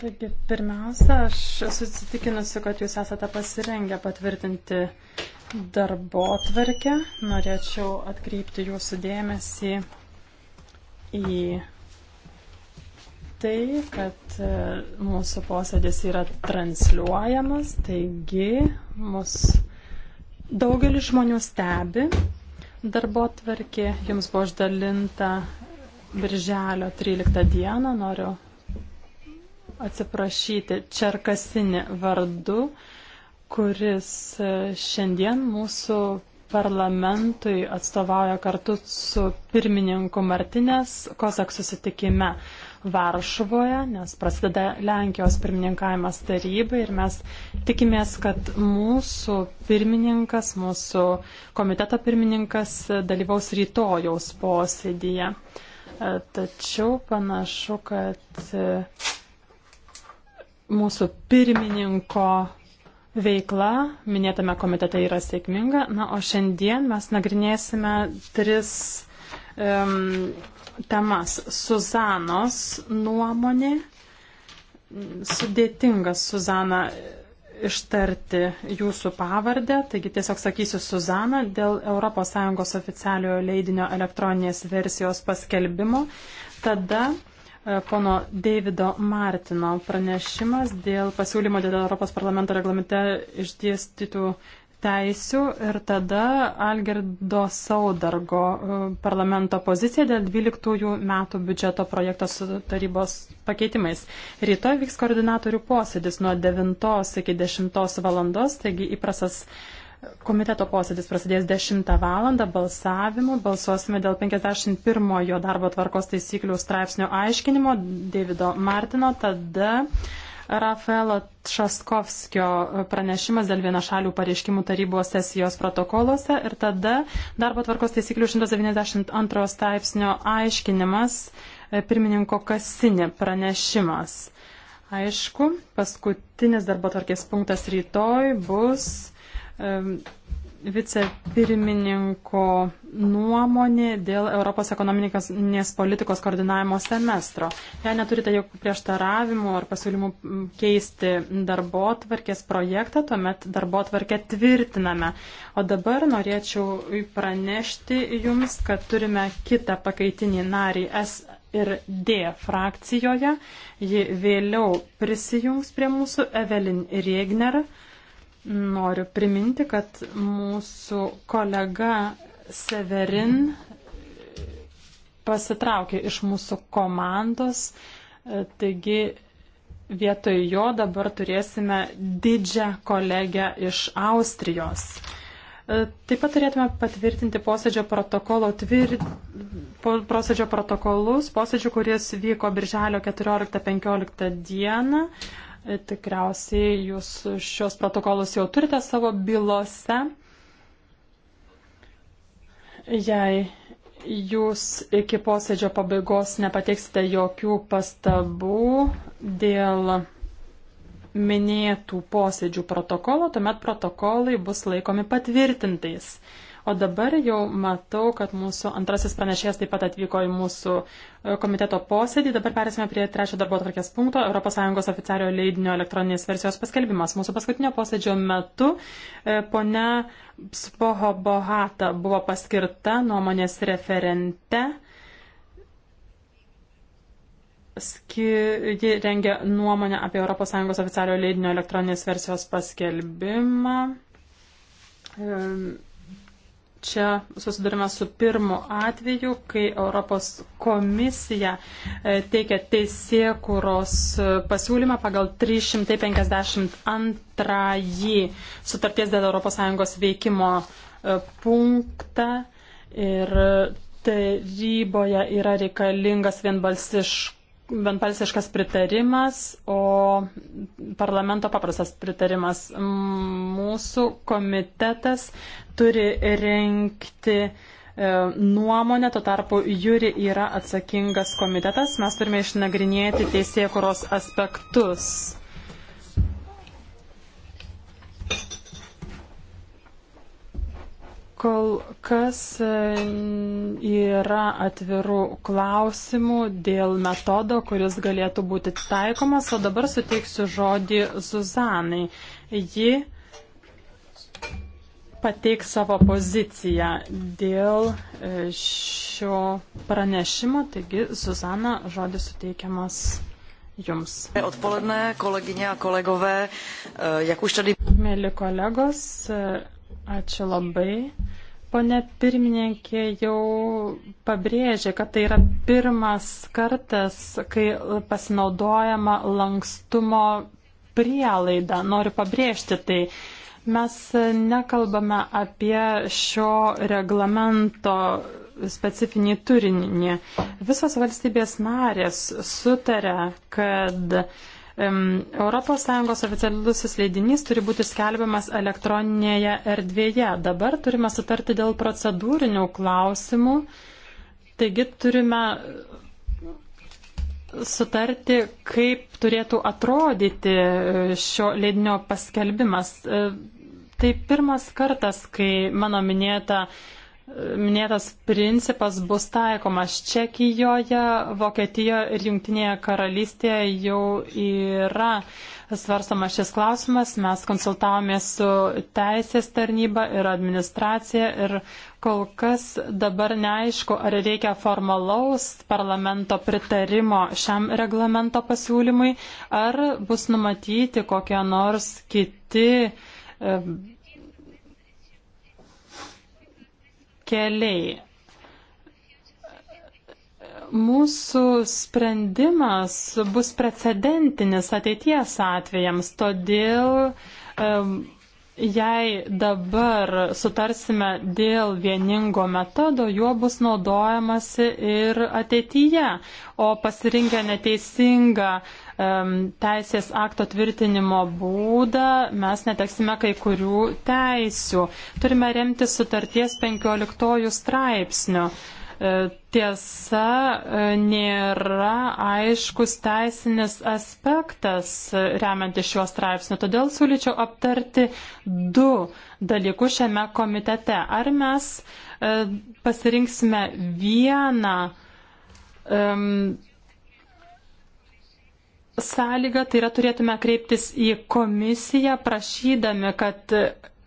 Taigi, pirmiausia, aš esu įsitikinusi, kad jūs esate pasirengę patvirtinti darbo tvarkę. Norėčiau atkreipti jūsų dėmesį į tai, kad e, mūsų posėdis yra transliuojamas, taigi mus daugelis žmonių stebi. Darbo tvarkė jums buvo išdalinta Birželio 13 dieną. Noriu atsiprašyti Čerkasinį vardu, kuris e, šiandien mūsų parlamentui atstovauja kartu su pirmininku Martinės Kozak susitikime. Varšuvoje, nes prasideda Lenkijos pirmininkavimas tarybai ir mes tikimės, kad mūsų pirmininkas, mūsų komiteto pirmininkas dalyvaus rytojaus posėdėje. E, tačiau panašu, kad e, mūsų pirmininko veikla minėtame komitete yra sėkminga. Na, o šiandien mes nagrinėsime tris um, temas. Suzanos nuomonė. Sudėtinga Suzana ištarti jūsų pavardę, taigi tiesiog sakysiu Suzana dėl ES oficialiojo leidinio elektroninės versijos paskelbimo. Tada uh, pono Davido Martino pranešimas dėl pasiūlymo dėl Europos parlamento reglamente išdėstytų teisių ir tada Algerdo Saudargo e, parlamento pozicija dėl 12 metų biudžeto projekto su tarybos pakeitimais. Rytoj vyks koordinatorių posėdis nuo 9 iki 10 valandos, taigi įprasas Komiteto posėdis prasidės 10 val. balsavimu. Balsuosime dėl 51 darbo tvarkos taisyklių straipsnio aiškinimo Davido Martino, tada Rafaelo Tšaskovskio pranešimas dėl vienašalių pareiškimų tarybos sesijos protokoluose ir tada darbo tvarkos taisyklių 192 straipsnio aiškinimas e, pirmininko Kasinė pranešimas. Aišku, paskutinis darbo tvarkės punktas rytoj bus vicepirmininko nuomonė dėl Europos ekonominės politikos koordinavimo semestro. Jei neturite jokių prieštaravimų ar pasiūlymų keisti darbo tvarkės projektą, tuomet darbo tvarkę tvirtiname. O dabar norėčiau pranešti Jums, kad turime kitą pakaitinį narį S ir D frakcijoje. Ji vėliau prisijungs prie mūsų Evelin Riegner. Noriu priminti, kad mūsų kolega Severin pasitraukė iš mūsų komandos, taigi vietoj jo dabar turėsime didžią kolegę iš Austrijos. Taip pat turėtume patvirtinti posėdžio, protokolo, tvir... posėdžio protokolus, posėdžio, kuris vyko birželio 14-15 dieną. Tikriausiai jūs šios protokolus jau turite savo bylose. Jei jūs iki posėdžio pabaigos nepateiksite jokių pastabų dėl minėtų posėdžių protokolo, tuomet protokolai bus laikomi patvirtintais. O dabar jau matau, kad mūsų antrasis pranešėjas taip pat atvyko į mūsų e, komiteto posėdį. Dabar perėsime prie trečio darbo atvarkės punkto - ES oficialio leidinio elektroninės versijos paskelbimas. Mūsų paskutinio posėdžio metu e, ponia Spoho Bohata buvo paskirta nuomonės referente ski, ji rengia nuomonę apie ES oficialio leidinio elektroninės versijos paskelbimą čia susidurime su pirmu atveju, kai Europos komisija e, teikia teisėkuros e, pasiūlymą pagal 352 sutarties dėl ES veikimo e, punktą. Ir taryboje yra reikalingas vienbalsiškas vienbalsiškas pritarimas, o parlamento paprastas pritarimas. Mūsų komitetas turi rinkti e, nuomonę, tuo tarpu Jūri yra atsakingas komitetas, mes turime išnagrinėti teisėkuros aspektus. Kol kas e, yra atvirų klausimų dėl metodo, kuris galėtų būti taikomas, o dabar suteiksiu žodį Zuzanai. Ji pateiks savo poziciją dėl e, šio pranešimo, taigi Zuzana žodis suteikiamas jums. Odpoledne, kolegyně a kolegové, e, jak už tady... Mėly kolegos, ačiū labai. Pone pirmininkė jau pabrėžė, kad tai yra pirmas kartas, kai pasinaudojama lankstumo prielaida. Noriu pabrėžti tai. Mes nekalbame apie šio reglamento specifinį turinį. Visos valstybės narės sutarė, kad uh, ES oficialusis leidinys turi būti skelbiamas elektroninėje erdvėje. Dabar turime sutarti dėl procedūrinių klausimų. Taigi turime sutarti, kaip turėtų atrodyti e, šio leidinio paskelbimas. E, tai pirmas kartas, kai mano minėta minėtas principas bus taikomas Čekijoje, Vokietijoje ir Junktinėje karalystėje jau yra svarstamas šis klausimas. Mes konsultavomės su teisės tarnyba ir administracija ir kol kas dabar neaišku, ar reikia formalaus parlamento pritarimo šiam reglamento pasiūlymui, ar bus numatyti kokie nors kiti. E, keliai. Mūsų sprendimas bus precedentinis ateities atvejams, todėl Jei dabar sutarsime dėl vieningo metodo, juo bus naudojamasi ir ateityje, o pasirinkę neteisingą um, teisės akto tvirtinimo būdą mes neteksime kai kurių teisių. Turime remti sutarties 15 straipsnių. Uh, E, tiesa, e, nėra aiškus teisinis aspektas remiantis šiuo straipsniu, todėl siūlyčiau aptarti du dalykus šiame komitete. Ar mes e, pasirinksime vieną um, sąlygą, tai yra turėtume kreiptis į komisiją prašydami, kad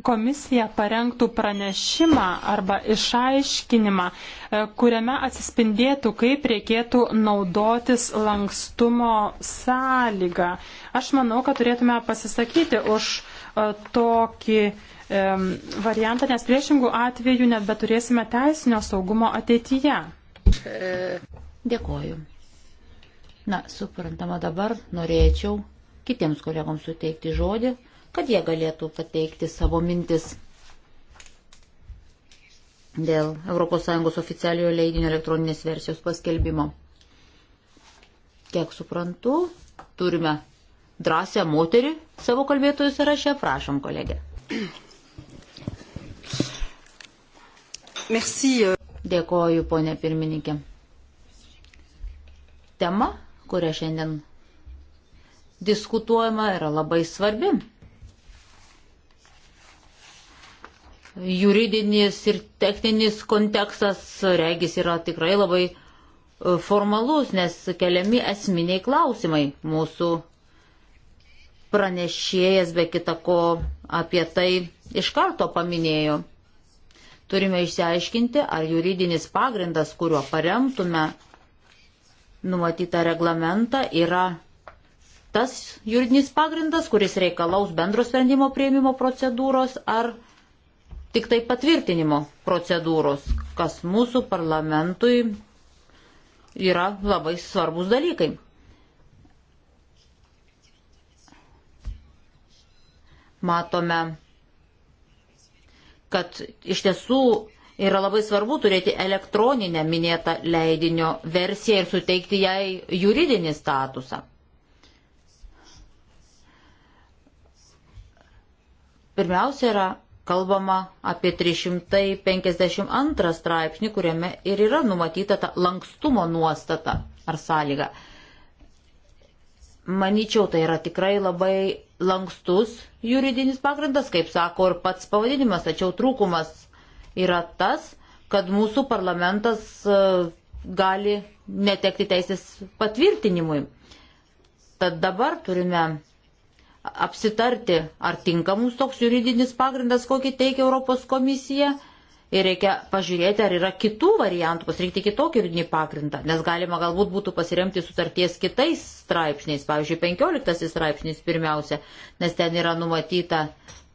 komisija parengtų pranešimą arba išaiškinimą, e, kuriame atsispindėtų, kaip reikėtų naudotis lankstumo sąlygą. Aš manau, kad turėtume pasisakyti už e, tokį variantą, nes priešingų atveju nebeturėsime teisinio saugumo ateityje. Dėkoju. Na, suprantama, dabar norėčiau kitiems kolegoms suteikti žodį, kad jie galėtų pateikti savo mintis dėl ES oficialiojo leidinio elektroninės versijos paskelbimo. Kiek suprantu, turime drąsią moterį savo kalbėtojų sąraše. Prašom, kolegė. Merci. Euh. Dėkoju, ponė pirmininkė. Tema, kurią šiandien diskutuojama, yra labai svarbi. juridinis ir techninis kontekstas, regis, yra tikrai labai e, formalus, nes keliami esminiai klausimai mūsų pranešėjas be kitako apie tai iš karto paminėjo. Turime išsiaiškinti, ar juridinis pagrindas, kuriuo paremtume numatytą reglamentą, yra tas juridinis pagrindas, kuris reikalaus bendro sprendimo prieimimo procedūros, ar tik tai patvirtinimo procedūros, kas mūsų parlamentui yra labai svarbus dalykai. Matome, kad iš tiesų yra labai svarbu turėti elektroninę minėtą leidinio versiją ir suteikti jai juridinį statusą. Pirmiausia yra kalbama apie 352 straipsnį, kuriame ir yra numatyta ta lankstumo nuostata ar sąlyga. Maničiau, tai yra tikrai labai lankstus juridinis pagrindas, kaip sako ir pats pavadinimas, tačiau trūkumas yra tas, kad mūsų parlamentas e, gali netekti teisės patvirtinimui. Tad dabar turime apsitarti, ar tinkamus toks juridinis pagrindas, kokį teikia Europos komisija. Ir reikia pažiūrėti, ar yra kitų variantų, pasirinkti kitokį juridinį pagrindą, nes galima galbūt būtų pasiremti sutarties kitais straipsniais, pavyzdžiui, 15 straipsnis pirmiausia, nes ten yra numatyta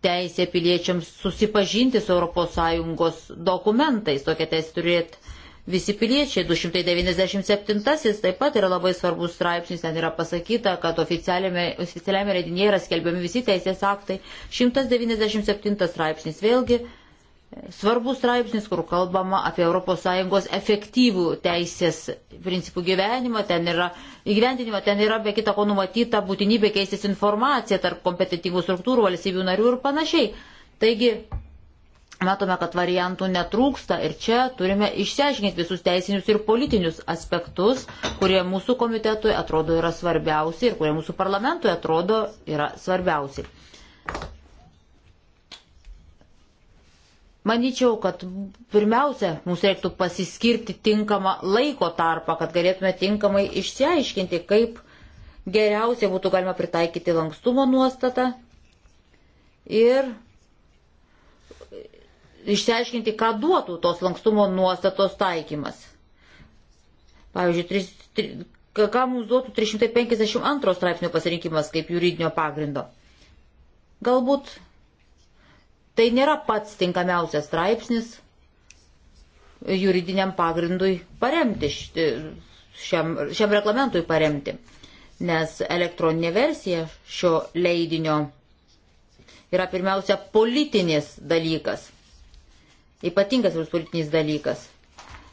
teisė piliečiams susipažinti su ES dokumentais, tokia teisė turėti visi piliečiai. 297 taip pat yra labai svarbus straipsnis, ten yra pasakyta, kad oficialiame redinėje yra skelbiami visi teisės aktai. 197 straipsnis vėlgi svarbus straipsnis, kur kalbama apie ES efektyvų teisės principų gyvenimą, ten yra įgyvendinimą, ten yra be kita ko numatyta būtinybė keistis informacija tarp kompetitingų struktūrų, valstybių narių ir panašiai. Taigi Matome, kad variantų netrūksta ir čia turime išsiaiškinti visus teisinius ir politinius aspektus, kurie mūsų komitetui atrodo yra svarbiausi ir kurie mūsų parlamentui atrodo yra svarbiausi. Maničiau, kad pirmiausia, mums reiktų pasiskirti tinkamą laiko tarpą, kad galėtume tinkamai išsiaiškinti, kaip geriausiai būtų galima pritaikyti lankstumo nuostatą ir išsiaiškinti, ką duotų tos lankstumo nuostatos taikymas. Pavyzdžiui, 3, 3, ką mums duotų 352 straipsnio pasirinkimas kaip juridinio pagrindo. Galbūt tai nėra pats tinkamiausias straipsnis juridiniam pagrindui paremti, šiam, šiam reglamentui paremti, nes elektroninė versija šio leidinio yra pirmiausia politinis dalykas ypatingas ir politinis dalykas.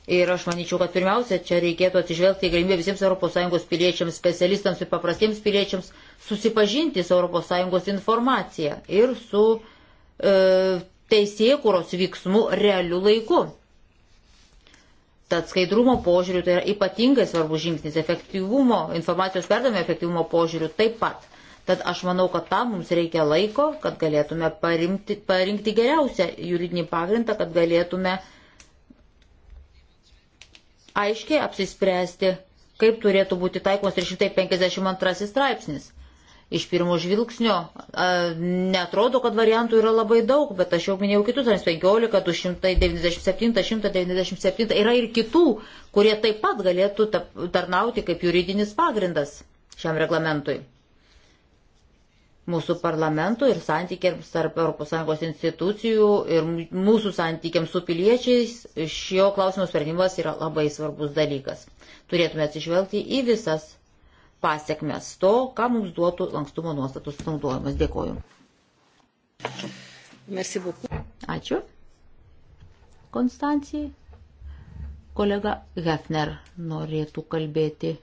Ir aš manyčiau, kad pirmiausia, čia reikėtų atsižvelgti į galimybę visiems ES piliečiams, specialistams ir paprastiems piliečiams susipažinti su ES informacija ir su e, teisėkuros vyksmų realiu laiku. Tad skaidrumo požiūriu tai yra ypatingai svarbus žingsnis, efektyvumo, informacijos perdavimo efektyvumo požiūriu taip pat. Tad aš manau, kad tam mums reikia laiko, kad galėtume parimti, parinkti geriausią juridinį pagrindą, kad galėtume aiškiai apsispręsti, kaip turėtų būti taikomas 352 straipsnis. Iš pirmo žvilgsnio a, netrodo, kad variantų yra labai daug, bet aš jau minėjau kitus, 15, 297, 197, yra ir kitų, kurie taip pat galėtų tarnauti kaip juridinis pagrindas šiam reglamentui mūsų parlamento ir santykiams tarp ES institucijų ir mūsų santykiams su piliečiais šio klausimo sprendimas yra labai svarbus dalykas. Turėtume atsižvelgti į visas pasiekmes to, ką mums duotų lankstumo nuostatų sunaudojimas. Dėkoju. Ačiū. Konstancijai. Kolega Hefner norėtų kalbėti.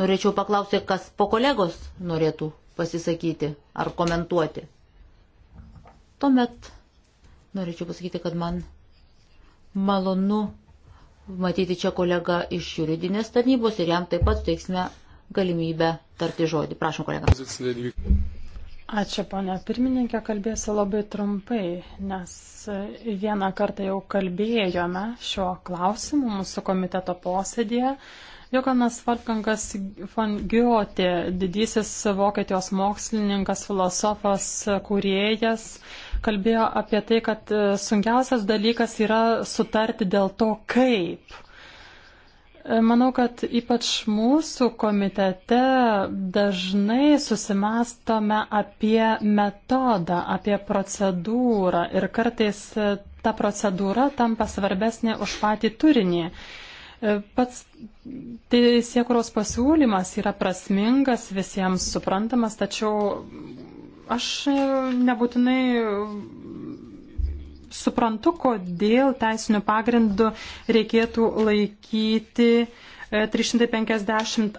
Norėčiau paklausti, kas po kolegos norėtų pasisakyti ar komentuoti. Tuomet norėčiau pasakyti, kad man malonu matyti čia kolegą iš juridinės tarnybos ir jam taip pat teiksime galimybę tarti žodį. Prašom, kolega. Ačiū, ponia pirmininkė, kalbėsiu labai trumpai, nes vieną kartą jau kalbėjome šiuo klausimu mūsų komiteto posėdėje. Jokanas Volfgangas von Goethe, didysis Vokietijos mokslininkas, filosofas, kūrėjas, kalbėjo apie tai, kad e, sunkiausias dalykas yra sutarti dėl to, kaip. E, manau, kad ypač mūsų komitete dažnai susimastome apie metodą, apie procedūrą ir kartais e, ta procedūra tampa svarbesnė už patį turinį. Pats teisėkuros pasiūlymas yra prasmingas, visiems suprantamas, tačiau aš nebūtinai suprantu, kodėl teisiniu pagrindu reikėtų laikyti uh, 352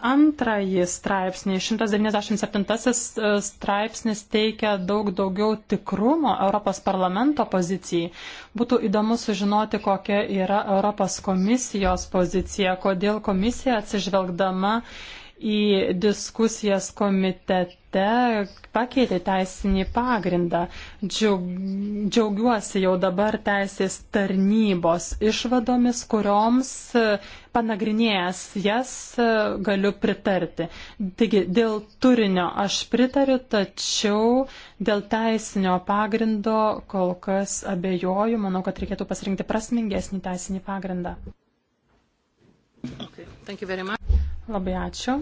straipsnį, 197 e, straipsnis teikia daug daugiau tikrumo Europos parlamento pozicijai. Būtų įdomu sužinoti, kokia yra Europos komisijos pozicija, kodėl komisija atsižvelgdama į diskusijas komitete parlamente pakeitė teisinį pagrindą. Džiaugiuosi jau dabar teisės tarnybos išvadomis, kurioms e, panagrinėjęs jas e, galiu pritarti. Taigi dėl turinio aš pritariu, tačiau dėl teisinio pagrindo kol kas abejoju. Manau, kad reikėtų pasirinkti prasmingesnį teisinį pagrindą. Okay. Labai ačiū.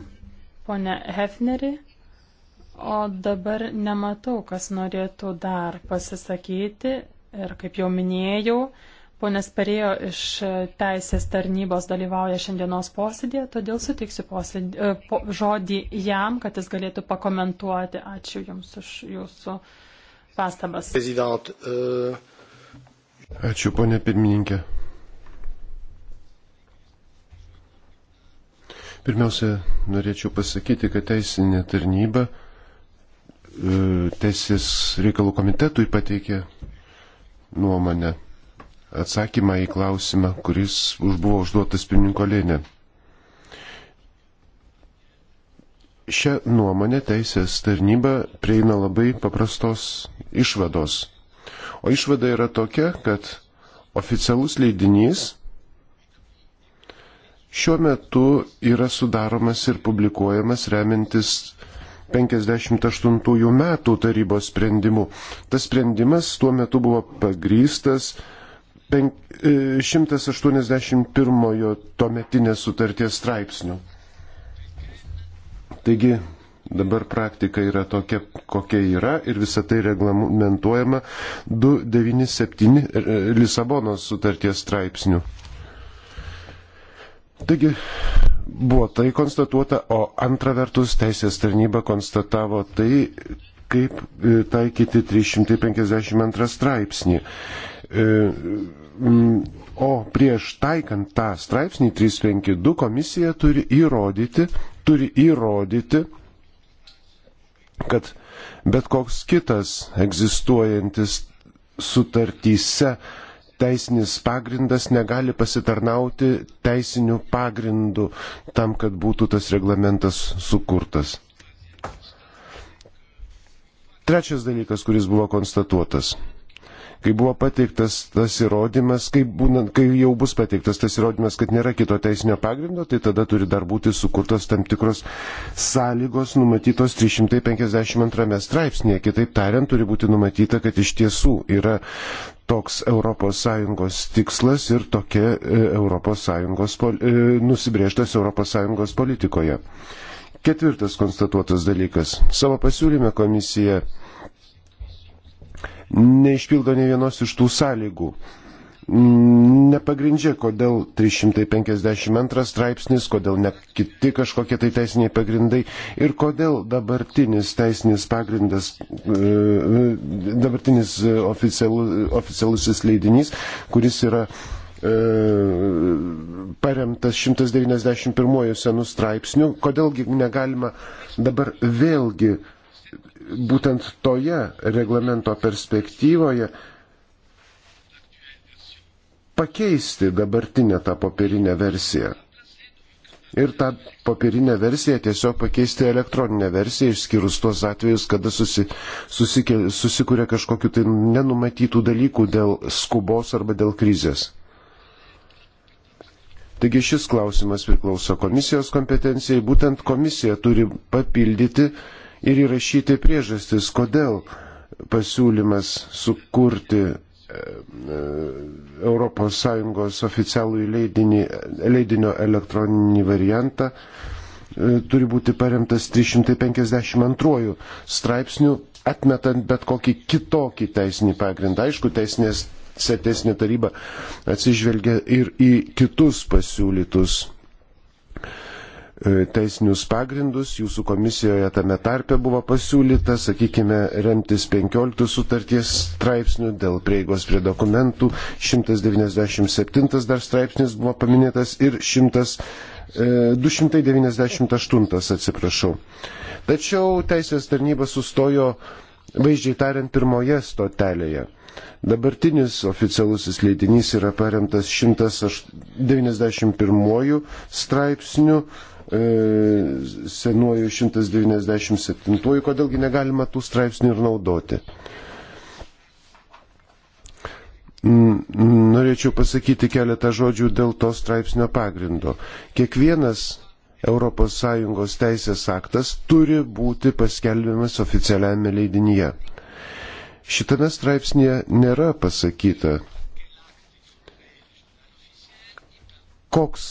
Pone Hefneri, O dabar nematau, kas norėtų dar pasisakyti. Ir kaip jau minėjau, ponės Perėjo iš teisės tarnybos dalyvauja šiandienos posėdėje, todėl sutiksiu posėdė, e, po, žodį jam, kad jis galėtų pakomentuoti. Ačiū Jums už Jūsų pastabas. Prezident, uh... Ačiū, ponė pirmininkė. Pirmiausia, norėčiau pasakyti, kad teisinė tarnyba E, teisės reikalų komitetui pateikė nuomonę, atsakymą į klausimą, kuris buvo užduotas pirmininko lėnė. Šią nuomonę teisės tarnyba prieina labai paprastos išvados. O išvada yra tokia, kad oficialus leidinys šiuo metu yra sudaromas ir publikuojamas remiantis 58 metų tarybos sprendimu. Tas sprendimas tuo metu buvo pagrystas 181 e, tuometinės sutarties straipsnių. Taigi Dabar praktika yra tokia, kokia yra ir visa tai reglamentuojama 297 e, Lisabonos sutarties straipsnių. Taigi buvo tai konstatuota, o antra vertus teisės tarnyba konstatavo tai, kaip e, taikyti 352 straipsnį. E, o prieš taikant tą straipsnį 352 komisija turi įrodyti, turi įrodyti, kad bet koks kitas egzistuojantis sutartyse uh, teisinis pagrindas negali pasitarnauti teisiniu pagrindu tam, kad būtų tas reglamentas sukurtas. Trečias dalykas, kuris buvo konstatuotas Kai buvo pateiktas tas įrodymas, kai, būnant, kai jau bus pateiktas tas įrodymas, kad nėra kito teisinio pagrindo, tai tada turi dar būti sukurtos tam tikros sąlygos numatytos 352 straipsnėje. Kitaip tariant, turi būti numatyta, kad iš tiesų yra toks ES tikslas ir tokia ES, nusibriežtas ES politikoje. Ketvirtas konstatuotas dalykas. Savo pasiūlyme komisija neišpildo ne vienos iš tų sąlygų. Nepagrindžia, kodėl 352 straipsnis, kodėl ne kiti kažkokie tai teisiniai pagrindai ir kodėl dabartinis teisinis pagrindas, e, e, dabartinis oficialu, oficialusis leidinys, kuris yra e, paremtas 191 senų straipsnių, kodėlgi negalima dabar vėlgi būtent toje reglamento perspektyvoje pakeisti dabartinę tą popierinę versiją. Ir tą popierinę versiją tiesiog pakeisti elektroninę versiją, išskyrus tuos atvejus, kada susi, susike, susikuria kažkokiu tai nenumatytų dalykų dėl skubos arba dėl krizės. Taigi šis klausimas priklauso komisijos kompetencijai, būtent komisija turi papildyti uh, ir įrašyti priežastis, kodėl pasiūlymas sukurti ES e, oficialų leidinį, leidinio elektroninį variantą e, turi būti paremtas 352 straipsnių, atmetant bet kokį kitokį teisinį pagrindą. Aišku, teisinės setesnė taryba atsižvelgia ir į kitus pasiūlytus E, teisinius pagrindus, jūsų komisijoje tame tarpe buvo pasiūlyta, sakykime, remtis 15 sutarties straipsnių dėl prieigos prie dokumentų, 197 dar straipsnis buvo paminėtas ir 100, e, 298 atsiprašau. Tačiau teisės tarnyba sustojo, vaizdžiai tariant, pirmoje stotelėje. Dabartinis oficialusis leidinys yra paremtas 191 straipsniu E, senuoju 197, kodėlgi negalima tų straipsnių ir naudoti. Norėčiau pasakyti keletą žodžių dėl to straipsnio pagrindo. Kiekvienas ES teisės aktas turi būti paskelbiamas oficialiame leidinyje. Šitame straipsnėje nėra pasakyta, koks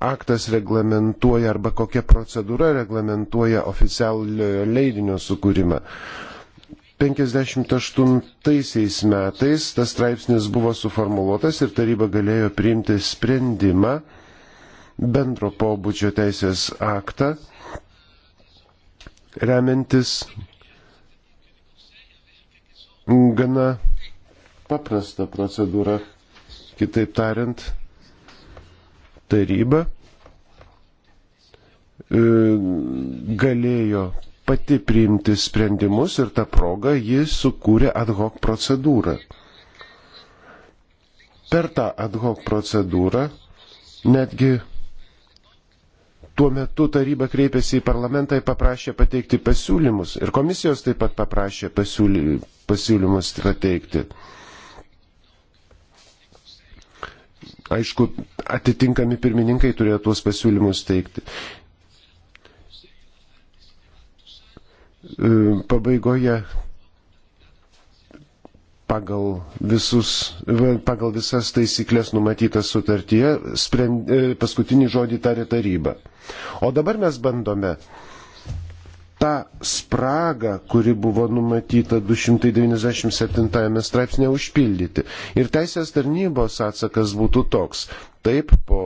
aktas reglamentuoja arba kokia procedūra reglamentuoja oficialiojo leidinio sukūrimą. 58 metais tas straipsnis buvo suformuoluotas ir taryba galėjo priimti sprendimą bendro pobūdžio teisės aktą, remiantis gana paprasta procedūra, kitaip tariant, taryba e, galėjo pati priimti sprendimus ir tą progą ji sukūrė ad hoc procedūrą. Per tą ad hoc procedūrą netgi tuo metu taryba kreipėsi į parlamentą ir paprašė pateikti pasiūlymus ir komisijos taip pat paprašė pasiūly, pasiūlymus pateikti. Aišku, atitinkami pirmininkai turėjo tuos pasiūlymus teikti. E, pabaigoje pagal, visus, pagal visas taisyklės numatytas sutartyje, sprend, e, paskutinį žodį tarė taryba. O dabar mes bandome uh, tą spragą, kuri buvo numatyta 297 straipsnė užpildyti. Ir teisės tarnybos atsakas būtų toks. Taip, po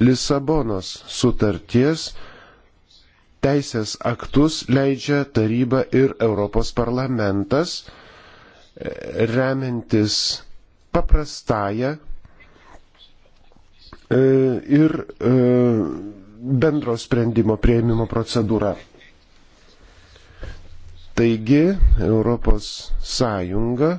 Lisabonos sutarties teisės aktus leidžia taryba ir Europos parlamentas, e, remiantis paprastąją e, ir e, bendro sprendimo prieimimo procedūrą. Taigi Europos Sąjunga,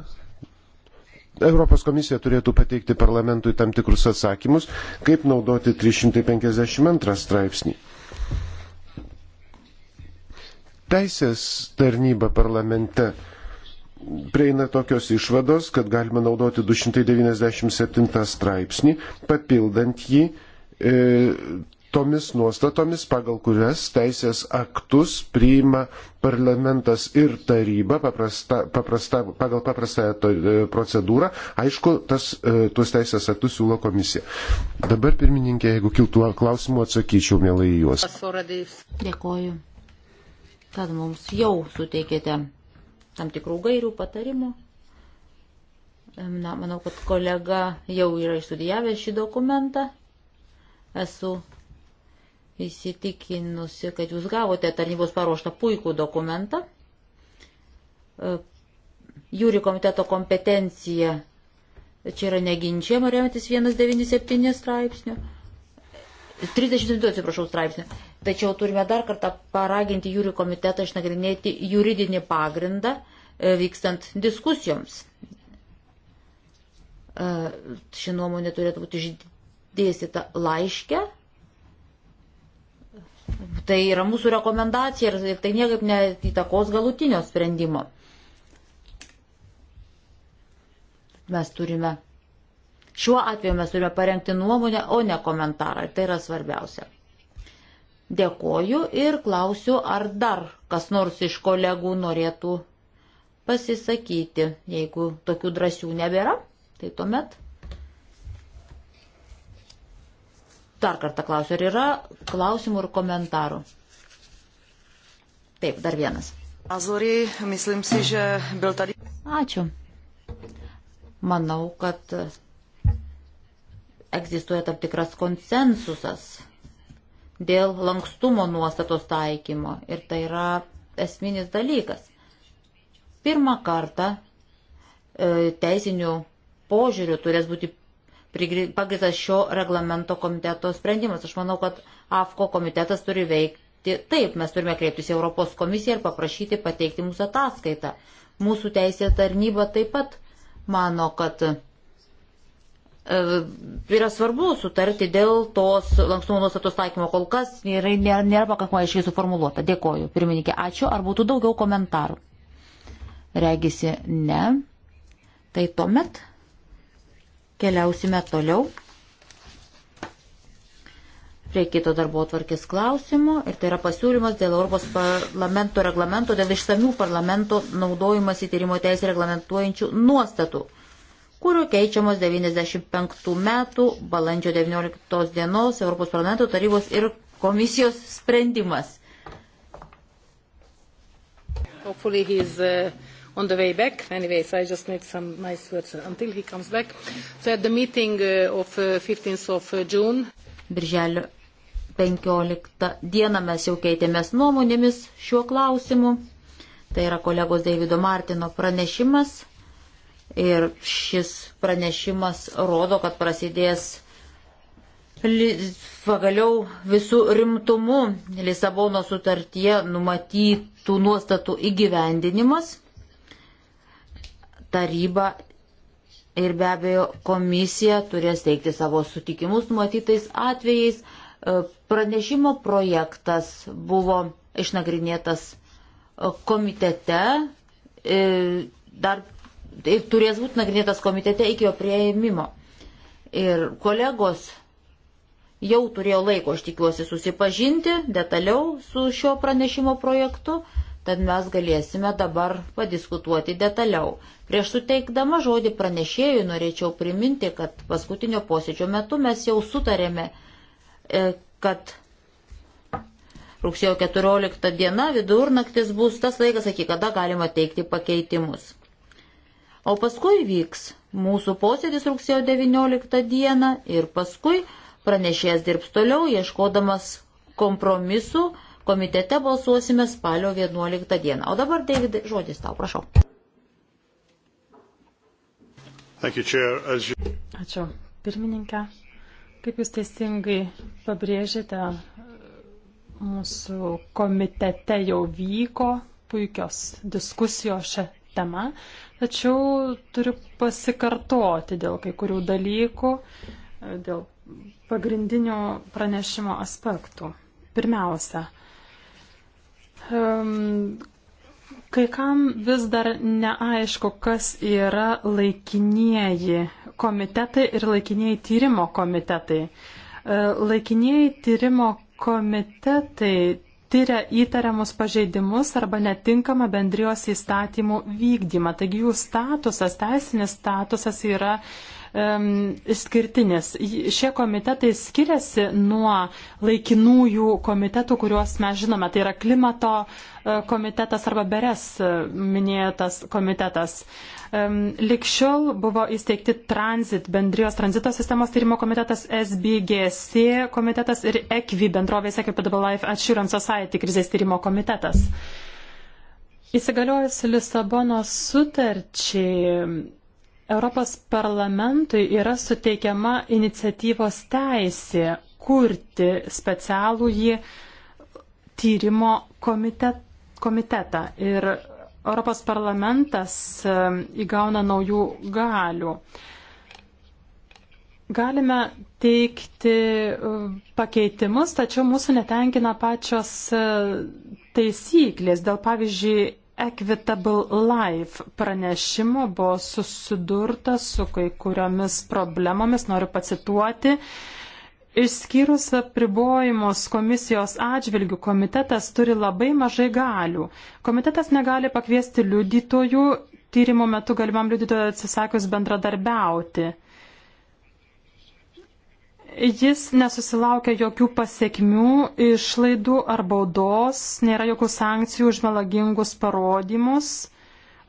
Europos komisija turėtų pateikti parlamentui tam tikrus atsakymus, kaip naudoti 352 straipsnį. Teisės tarnyba parlamente prieina tokios išvados, kad galima naudoti 297 straipsnį, papildant jį e, tomis nuostatomis, pagal kurias teisės aktus priima parlamentas ir taryba paprasta, paprasta, pagal paprastąją e, procedūrą. Aišku, tas, e, tuos teisės aktus siūlo komisija. Dabar, pirmininkė, jeigu kiltų klausimų, atsakyčiau mielai į juos. Dėkoju, kad mums jau suteikėte tam tikrų gairių patarimų. Na, manau, kad kolega jau yra išstudijavęs šį dokumentą. Esu įsitikinusi, kad jūs gavote tarnybos paruoštą puikų dokumentą. E, jūri komiteto kompetencija čia yra neginčiama remiantis 197 straipsnių. 32, atsiprašau, straipsnių. Tačiau turime dar kartą paraginti jūrių komitetą išnagrinėti juridinį pagrindą e, vykstant diskusijoms. E, ši nuomonė turėtų būti išdėstyta laiške Tai yra mūsų rekomendacija ir tai niekaip neįtakos galutinio sprendimo. Mes turime, šiuo atveju mes turime parengti nuomonę, o ne komentarą. Ir tai yra svarbiausia. Dėkoju ir klausiu, ar dar kas nors iš kolegų norėtų pasisakyti. Jeigu tokių drąsių nebėra, tai tuomet dar kartą klausiu, ar yra klausimų ir komentarų? Taip, dar vienas. Azori, mislim si, že byl tady. Ačiū. Manau, kad egzistuoja tam tikras konsensusas dėl lankstumo nuostatos taikymo ir tai yra esminis dalykas. Pirmą kartą e, teisinių požiūrių turės būti pagritas šio reglamento komiteto sprendimas. Aš manau, kad AFKO komitetas turi veikti taip. Mes turime kreiptis į Europos komisiją ir paprašyti pateikti mūsų ataskaitą. Mūsų teisė tarnyba taip pat mano, kad e, yra svarbu sutarti dėl tos lankstumo nuostatos taikymo. Kol kas nėra, nėra, nėra pakankamai aiškiai suformuoluota. Dėkoju. Pirmininkė, ačiū. Ar būtų daugiau komentarų? Regisi ne. Tai tuomet Keliausime toliau prie kito darbo atvarkės klausimo ir tai yra pasiūlymas dėl Europos parlamento reglamento, dėl išsamių parlamento naudojimas įtyrimo teisę reglamentuojančių nuostatų, kurio keičiamos 95 metų balandžio 19 dienos Europos parlamento tarybos ir komisijos sprendimas. Hopefully he's uh, on the way back. Anyway, so I just made some nice words until he comes back. So at the meeting uh, of uh, 15th of uh, June. Birželio 15 dieną mes jau keitėmės nuomonėmis šiuo klausimu. Tai yra kolegos Davido Martino pranešimas. Ir šis pranešimas rodo, kad prasidės pagaliau visų rimtumų Lisabono sutartie numatytų nuostatų įgyvendinimas taryba ir be abejo komisija turės teikti savo sutikimus numatytais atvejais. E, pranešimo projektas buvo išnagrinėtas e, komitete e, dar ir tai turės būti nagrinėtas komitete iki jo prieimimo. Ir kolegos jau turėjo laiko, aš tikiuosi, susipažinti detaliau su šio pranešimo projektu. Tad mes galėsime dabar padiskutuoti detaliau. Prieš suteikdama žodį pranešėjui norėčiau priminti, kad paskutinio posėdžio metu mes jau sutarėme, e, kad rugsėjo 14 diena vidurnaktis bus tas laikas, iki kada galima teikti pakeitimus. O paskui vyks mūsų posėdis rugsėjo 19 dieną ir paskui pranešėjas dirbs toliau, ieškodamas kompromisų komitete balsuosime spalio 11 dieną. O dabar, David, žodis tau, prašau. Ačiū, pirmininkė. Kaip jūs teisingai pabrėžėte, mūsų komitete jau vyko puikios diskusijos šią temą, tačiau turiu pasikartoti dėl kai kurių dalykų, dėl pagrindinio pranešimo aspektų. Pirmiausia, Kai kam vis dar neaišku, kas yra laikinieji komitetai ir laikinieji tyrimo komitetai. E, laikinieji tyrimo komitetai tyria įtariamus pažeidimus arba netinkamą bendrijos įstatymų vykdymą. Taigi jų statusas, teisinis statusas yra uh, um, išskirtinis. Šie komitetai skiriasi nuo laikinųjų komitetų, kuriuos mes žinome. Tai yra klimato e, komitetas arba beres e, minėtas komitetas. Um, Likščiol buvo įsteigti transit, bendrijos tranzito sistemos tyrimo komitetas, SBGC komitetas ir EQUI bendrovės Equitable Life Assurance Society krizės tyrimo komitetas. Įsigaliojus Lisabono sutarčiai Europos parlamentui yra suteikiama iniciatyvos teisė kurti specialų jį tyrimo komitet, komitetą. Ir Europos parlamentas e, įgauna naujų galių. Galime teikti e, pakeitimus, tačiau mūsų netenkina pačios e, taisyklės dėl, pavyzdžiui, Equitable Life pranešimu buvo susidurta su kai kuriomis problemomis, noriu pacituoti. Išskyrus apribojimus komisijos atžvilgių, komitetas turi labai mažai galių. Komitetas negali pakviesti liudytojų, tyrimo metu galimam liudytojui atsisakius bendradarbiauti. Jis nesusilaukia jokių pasiekmių, išlaidų ar baudos, nėra jokių sankcijų už melagingus parodymus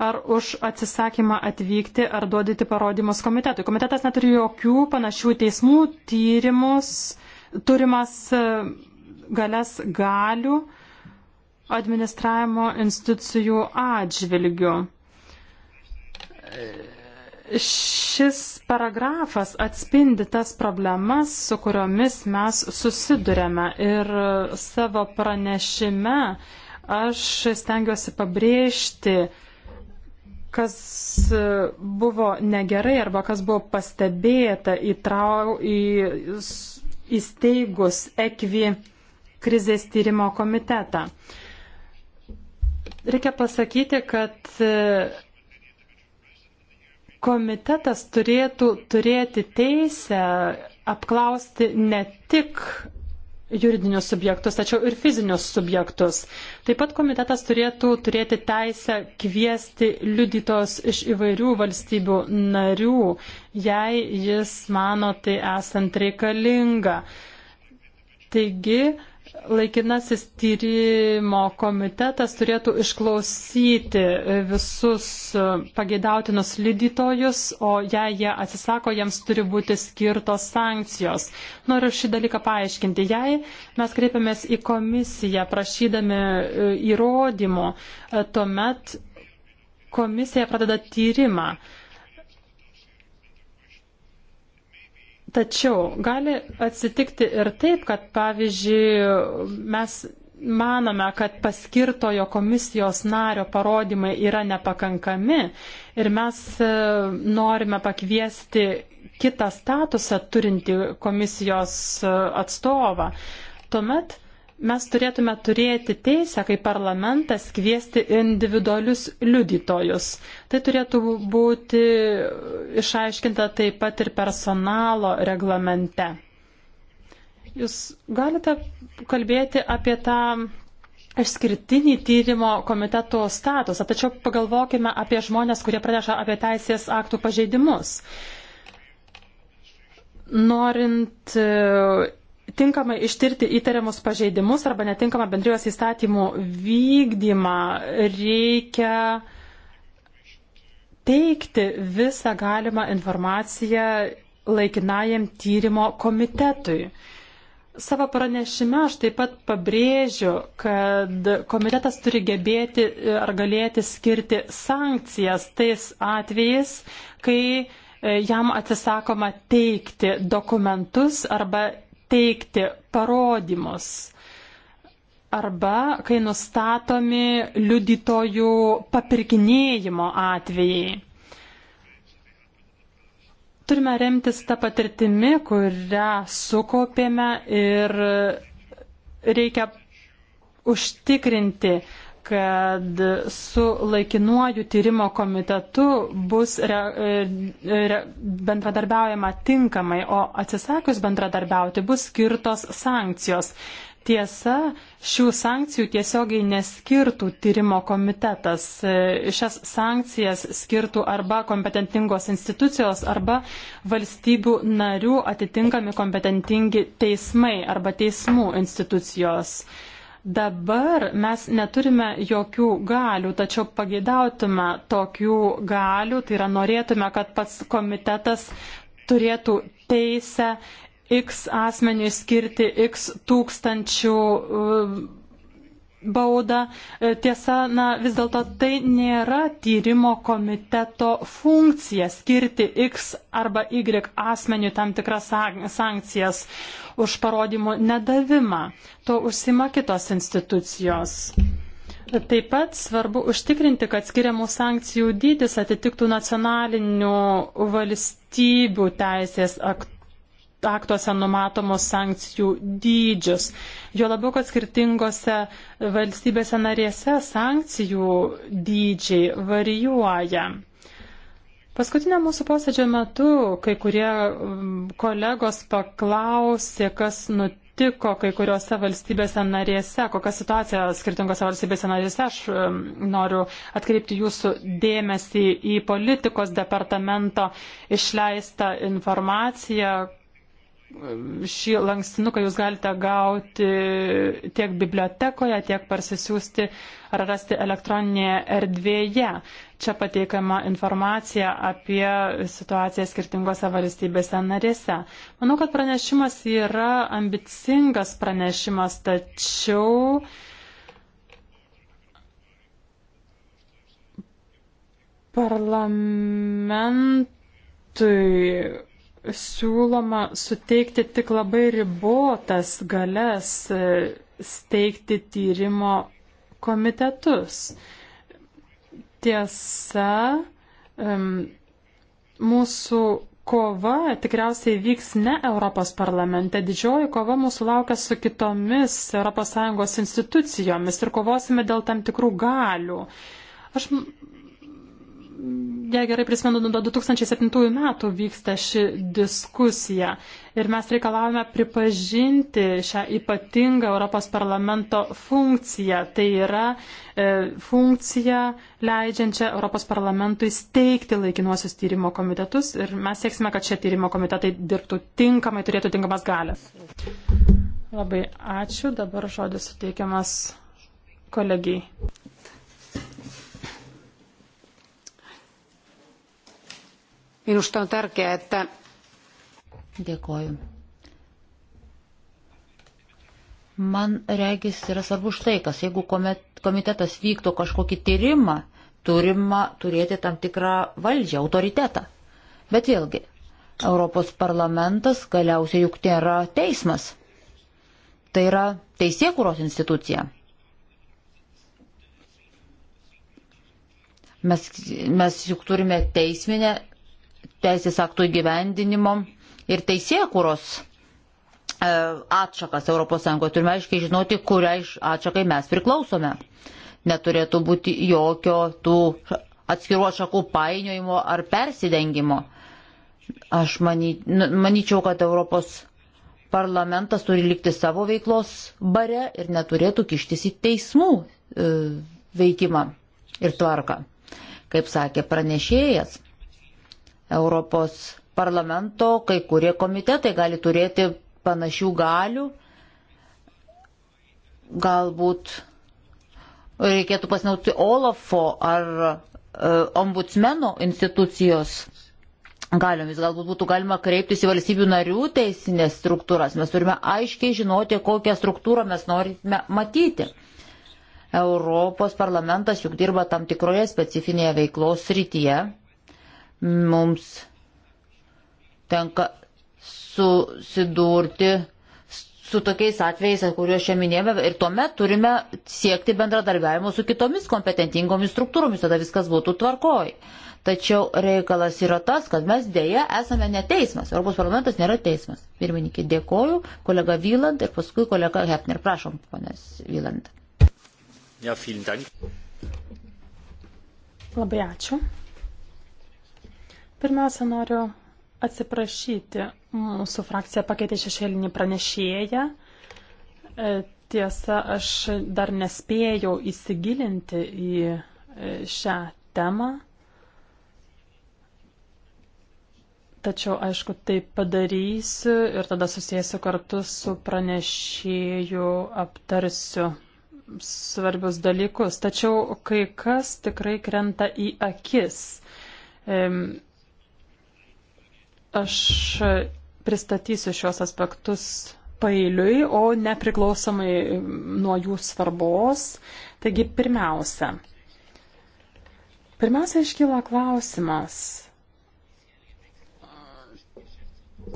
ar už atsisakymą atvykti ar duodyti parodymus komitetui. Komitetas neturi jokių panašių teismų, tyrimus, turimas e, galės galių administravimo institucijų atžvilgių e, šis paragrafas atspindi tas problemas, su kuriomis mes susidurėme. Ir savo pranešime aš stengiuosi pabrėžti, kas buvo negerai arba kas buvo pastebėta įtrau, į, įsteigus ekvi krizės tyrimo komitetą. Reikia pasakyti, kad komitetas turėtų turėti teisę apklausti ne tik juridinius subjektus, tačiau ir fizinius subjektus. Taip pat komitetas turėtų turėti teisę kviesti liudytos iš įvairių valstybių narių, jei jis mano tai esant reikalinga. Taigi, Laikinasis tyrimo komitetas turėtų išklausyti visus pageidautinus lydytojus, o jei jie atsisako, jiems turi būti skirtos sankcijos. Noriu šį dalyką paaiškinti. Jei mes kreipiamės į komisiją prašydami e, įrodymų, e, tuomet komisija pradeda tyrimą. Tačiau gali atsitikti ir taip, kad pavyzdžiui mes manome, kad paskirtojo komisijos nario parodymai yra nepakankami ir mes e, norime pakviesti kitą statusą turinti komisijos e, atstovą. Tuomet mes turėtume turėti teisę, kaip parlamentas, kviesti individualius liudytojus. Tai turėtų būti išaiškinta taip pat ir personalo reglamente. Jūs galite kalbėti apie tą išskirtinį tyrimo komiteto statusą, tačiau pagalvokime apie žmonės, kurie praneša apie teisės aktų pažeidimus norint tinkamai ištirti įtariamus pažeidimus arba netinkamą bendrijos įstatymų vykdymą reikia teikti visą galimą informaciją laikinajam tyrimo komitetui. Savo pranešime aš taip pat pabrėžiu, kad komitetas turi gebėti e, ar galėti skirti sankcijas tais atvejais, kai e, jam atsisakoma teikti dokumentus arba teikti parodymus arba kai nustatomi liudytojų papirkinėjimo atvejai. Turime remtis tą patirtimį, kurią sukaupėme ir reikia užtikrinti, kad su laikinuoju tyrimo komitetu bus re, e, re, bendradarbiaujama tinkamai, o atsisakius bendradarbiauti bus skirtos sankcijos. Tiesa, šių sankcijų tiesiogiai neskirtų tyrimo komitetas. E, šias sankcijas skirtų arba kompetentingos institucijos, arba valstybių narių atitinkami kompetentingi teismai arba teismų institucijos. Dabar mes neturime jokių galių, tačiau pageidautume tokių galių, tai yra norėtume, kad pats komitetas turėtų teisę X asmeniui skirti X tūkstančių baudą. E, tiesa, na, vis dėlto tai nėra tyrimo komiteto funkcija skirti X arba Y asmeniui tam tikras sankcijas už parodymų nedavimą. To užsima kitos institucijos. Taip pat svarbu užtikrinti, kad skiriamų sankcijų dydis atitiktų nacionalinių valstybių teisės aktus aktuose numatomos sankcijų dydžius. Jo labiau, kad skirtingose valstybėse narėse sankcijų dydžiai varijuoja. Paskutinio mūsų posėdžio metu kai kurie kolegos paklausė, kas nutiko nutiko kai kuriuose valstybėse narėse, kokia situacija skirtingose valstybėse narėse. Aš noriu atkreipti jūsų dėmesį į politikos departamento išleistą informaciją, šį lankstinuką jūs galite gauti tiek bibliotekoje, tiek parsisiųsti ar rasti elektroninėje erdvėje. Čia pateikama informacija apie situaciją skirtingose valstybėse narėse. Manau, kad pranešimas yra ambicingas pranešimas, tačiau. Parlamentui siūloma suteikti tik labai ribotas galės e, steigti tyrimo komitetus. Tiesa, mūsų kova tikriausiai vyks ne Europos parlamente. Didžioji kova mūsų laukia su kitomis ES institucijomis ir kovosime dėl tam tikrų galių. Aš jei gerai prisimenu, nuo 2007 metų vyksta ši diskusija ir mes reikalavome pripažinti šią ypatingą Europos parlamento funkciją. Tai yra e, funkcija leidžiančia Europos parlamentui steigti laikinuosius tyrimo komitetus ir mes sieksime, kad šie tyrimo komitetai dirbtų tinkamai, turėtų tinkamas galės. Labai ačiū. Dabar žodis suteikiamas kolegijai. Minusta on tärkeää, että... Dėkoju. Man regis yra svarbu štai kas, jeigu komitetas vyktų kažkokį tyrimą, turima turėti tam tikrą valdžią, autoritetą. Bet vėlgi, Europos parlamentas galiausiai juk nėra teismas. Tai yra teisėkūros institucija. Mes, mes juk turime teisminę teisės aktų įgyvendinimo ir teisėkuros e, atšakas ES. Turime aiškiai žinoti, kuriai atšakai mes priklausome. Neturėtų būti jokio tų atskirų atšakų painiojimo ar persidengimo. Aš many, manyčiau, kad Europos parlamentas turi likti savo veiklos bare ir neturėtų kištis į teismų e, veikimą ir tvarką. Kaip sakė pranešėjas, Europos parlamento kai kurie komitetai gali turėti panašių galių. Galbūt reikėtų pasinauti Olafo ar e, ombudsmeno institucijos galiomis. Galbūt būtų galima kreiptis į valstybių narių teisinės struktūras. Mes turime aiškiai žinoti, kokią struktūrą mes norime matyti. Europos parlamentas juk dirba tam tikroje specifinėje veiklos srityje mums tenka susidurti su tokiais atvejais, kuriuos čia minėjome, ir tuomet turime siekti bendradarbiavimo su kitomis kompetentingomis struktūromis, tada viskas būtų tvarkoj. Tačiau reikalas yra tas, kad mes dėja esame ne teismas, Europos parlamentas nėra teismas. Pirmininkė, dėkoju, kolega Vyland ir paskui kolega Hefner, prašom, ponas Vyland. Ja, Labai ačiū. Pirmiausia, noriu atsiprašyti. Mūsų frakcija pakeitė šešėlinį pranešėją. E, tiesa, aš dar nespėjau įsigilinti į e, šią temą. Tačiau, aišku, tai padarysiu ir tada susijęsiu kartu su pranešėju, aptarsiu svarbius dalykus. Tačiau kai kas tikrai krenta į akis. Ehm, Aš pristatysiu šios aspektus pailiui, o nepriklausomai nuo jų svarbos. Taigi, pirmiausia. Pirmiausia, iškyla klausimas,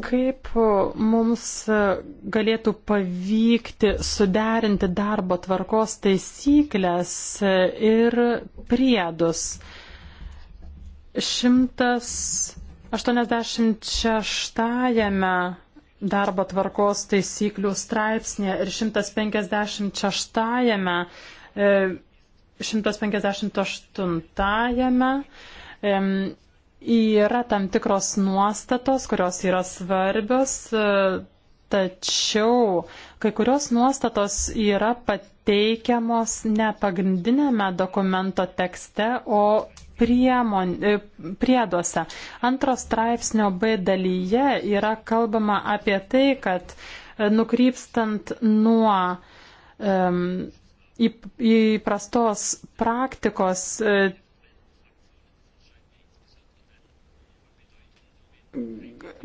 kaip mums galėtų pavykti suderinti darbo tvarkos taisyklės ir priedus. Šimtas 86-ame darbo tvarkos taisyklių straipsnėje ir 156-ame, 158-ame e, yra tam tikros nuostatos, kurios yra svarbios, e, tačiau kai kurios nuostatos yra pateikiamos ne pagrindinėme dokumento tekste, o priemon, e, prieduose. Antros straipsnio B dalyje yra kalbama apie tai, kad e, nukrypstant nuo um, įprastos praktikos e,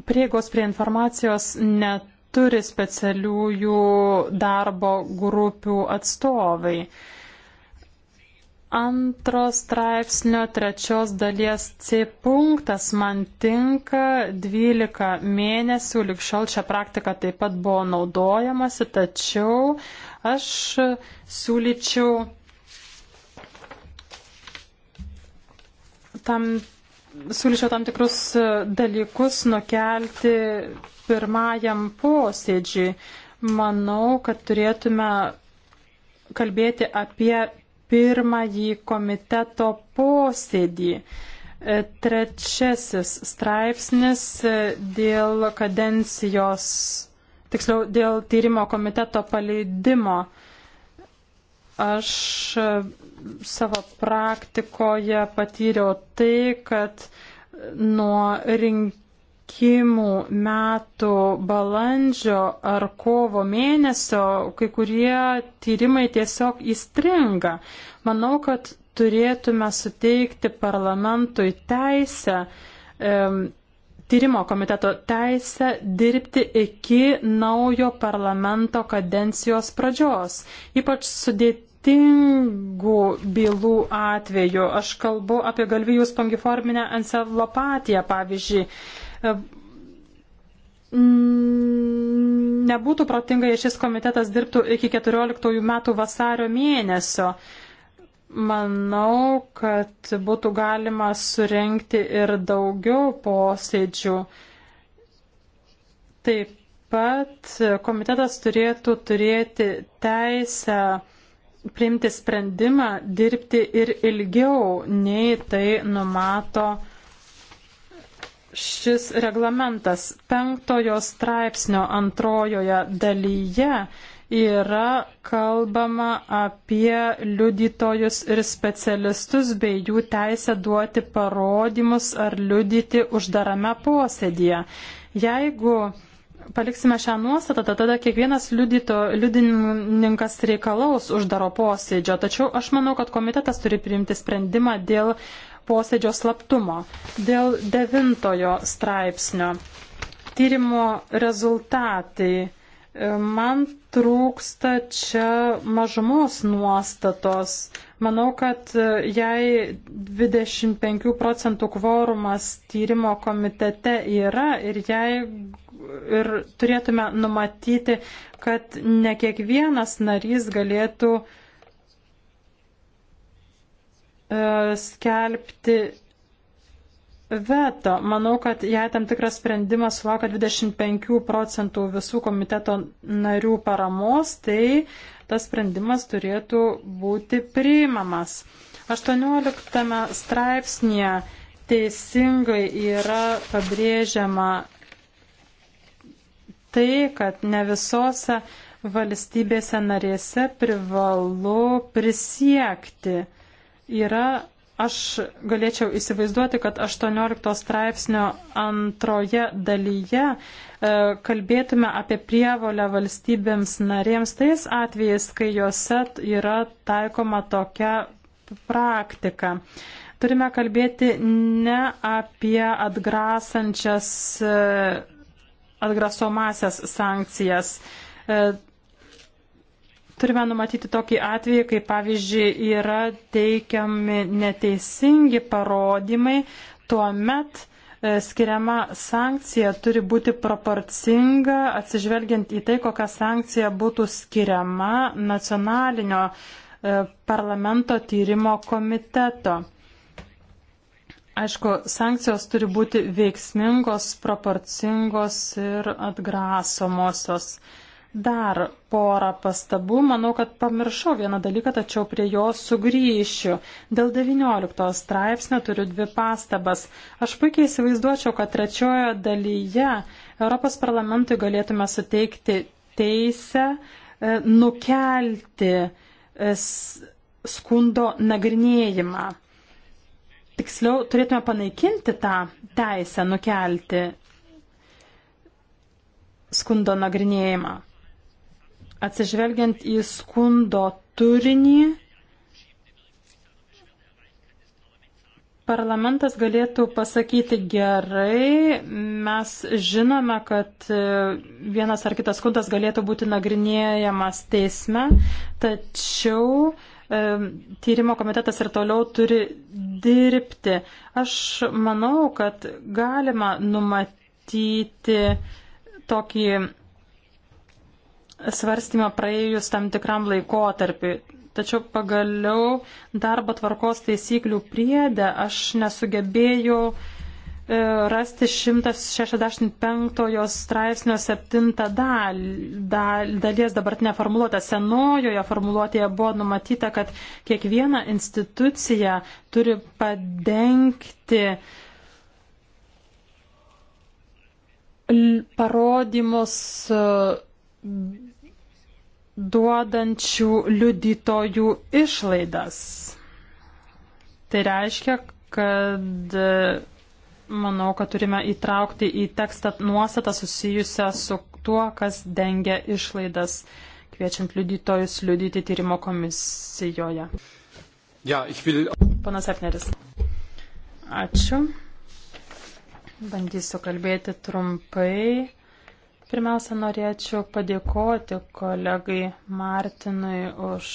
prieigos prie informacijos neturi specialiųjų darbo grupių atstovai. Uh, antros straipsnio trečios dalies C punktas man tinka 12 mėnesių, likščiol čia praktika taip pat buvo naudojamasi, tačiau aš siūlyčiau tam, siūlyčiau tam tikrus dalykus nukelti pirmajam posėdžiui. Manau, kad turėtume kalbėti apie pirmąjį komiteto posėdį. E, trečiasis straipsnis e, dėl kadencijos, tiksliau, dėl tyrimo komiteto paleidimo. Aš e, savo praktikoje patyriau tai, kad nuo rinkimų rinkimų metų balandžio ar kovo mėnesio kai kurie tyrimai tiesiog įstringa. Manau, kad turėtume suteikti parlamentui teisę, e, tyrimo komiteto teisę dirbti iki naujo parlamento kadencijos pradžios. Ypač sudėti skirtingų bylų atveju. Aš kalbu apie galvijų spongiforminę encefalopatiją, pavyzdžiui. E, mm, nebūtų protinga, jei šis komitetas dirbtų iki 14 metų vasario mėnesio. Manau, kad būtų galima surenkti ir daugiau posėdžių. Taip pat komitetas turėtų turėti teisę priimti sprendimą dirbti ir ilgiau, nei tai numato šis reglamentas penktojo straipsnio antrojoje dalyje yra kalbama apie liudytojus ir specialistus bei jų teisę duoti parodymus ar liudyti uždarame posėdėje. Jeigu paliksime šią nuostatą, tada kiekvienas liudyto, liudininkas reikalaus uždaro posėdžio. Tačiau aš manau, kad komitetas turi priimti sprendimą dėl posėdžio slaptumo. Dėl devintojo straipsnio tyrimo rezultatai. Man trūksta čia mažumos nuostatos. Manau, kad jei 25 procentų kvorumas tyrimo komitete yra ir jei ir turėtume numatyti, kad ne kiekvienas narys galėtų uh, E, skelbti veto. Manau, kad jei tam tikras sprendimas sulaukia 25 procentų visų komiteto narių paramos, tai tas sprendimas turėtų būti priimamas. 18 straipsnėje teisingai yra pabrėžiama tai, kad ne visose valstybėse narėse privalu prisiekti yra, aš galėčiau įsivaizduoti, kad 18 straipsnio antroje dalyje e, kalbėtume apie prievolę valstybėms narėms tais atvejais, kai juose yra taikoma tokia praktika. Turime kalbėti ne apie atgrasančias e, atgrasomasias sankcijas. E, Turime numatyti tokį atvejį, kai pavyzdžiui yra teikiami neteisingi parodymai, tuomet e, skiriama sankcija turi būti proporcinga, atsižvelgiant į tai, kokia sankcija būtų skiriama nacionalinio e, parlamento tyrimo komiteto. Aišku, sankcijos turi būti veiksmingos, proporcingos ir atgrasomosios. Dar porą pastabų. Manau, kad pamiršau vieną dalyką, tačiau prie jo sugrįšiu. Dėl 19 straipsnio turiu dvi pastabas. Aš puikiai įsivaizduočiau, kad trečiojo dalyje Europos parlamentui galėtume suteikti teisę e, nukelti e, skundo nagrinėjimą. Tiksliau, turėtume panaikinti tą teisę nukelti skundo nagrinėjimą atsižvelgiant į skundo turinį, parlamentas galėtų pasakyti gerai, mes žinome, kad e, vienas ar kitas skundas galėtų būti nagrinėjamas teisme, tačiau e, tyrimo komitetas ir toliau turi dirbti. Aš manau, kad galima numatyti tokį svarstymą praėjus tam tikram laikotarpiu. Tačiau pagaliau darbo tvarkos taisyklių priedę aš nesugebėjau e, rasti 165 straipsnio 7 dal, dal, dalies dabartinę formuluotę. Senojoje formuluotėje buvo numatyta, kad kiekviena institucija turi padengti parodymus e, duodančių liudytojų išlaidas. Tai reiškia, kad manau, kad turime įtraukti į tekstą nuostatą susijusią su tuo, kas dengia išlaidas, kviečiant liudytojus liudyti tyrimo komisijoje. Ja, will... Panas Efneris. Ačiū. Bandysiu kalbėti trumpai. Pirmiausia, norėčiau padėkoti kolegai Martinui už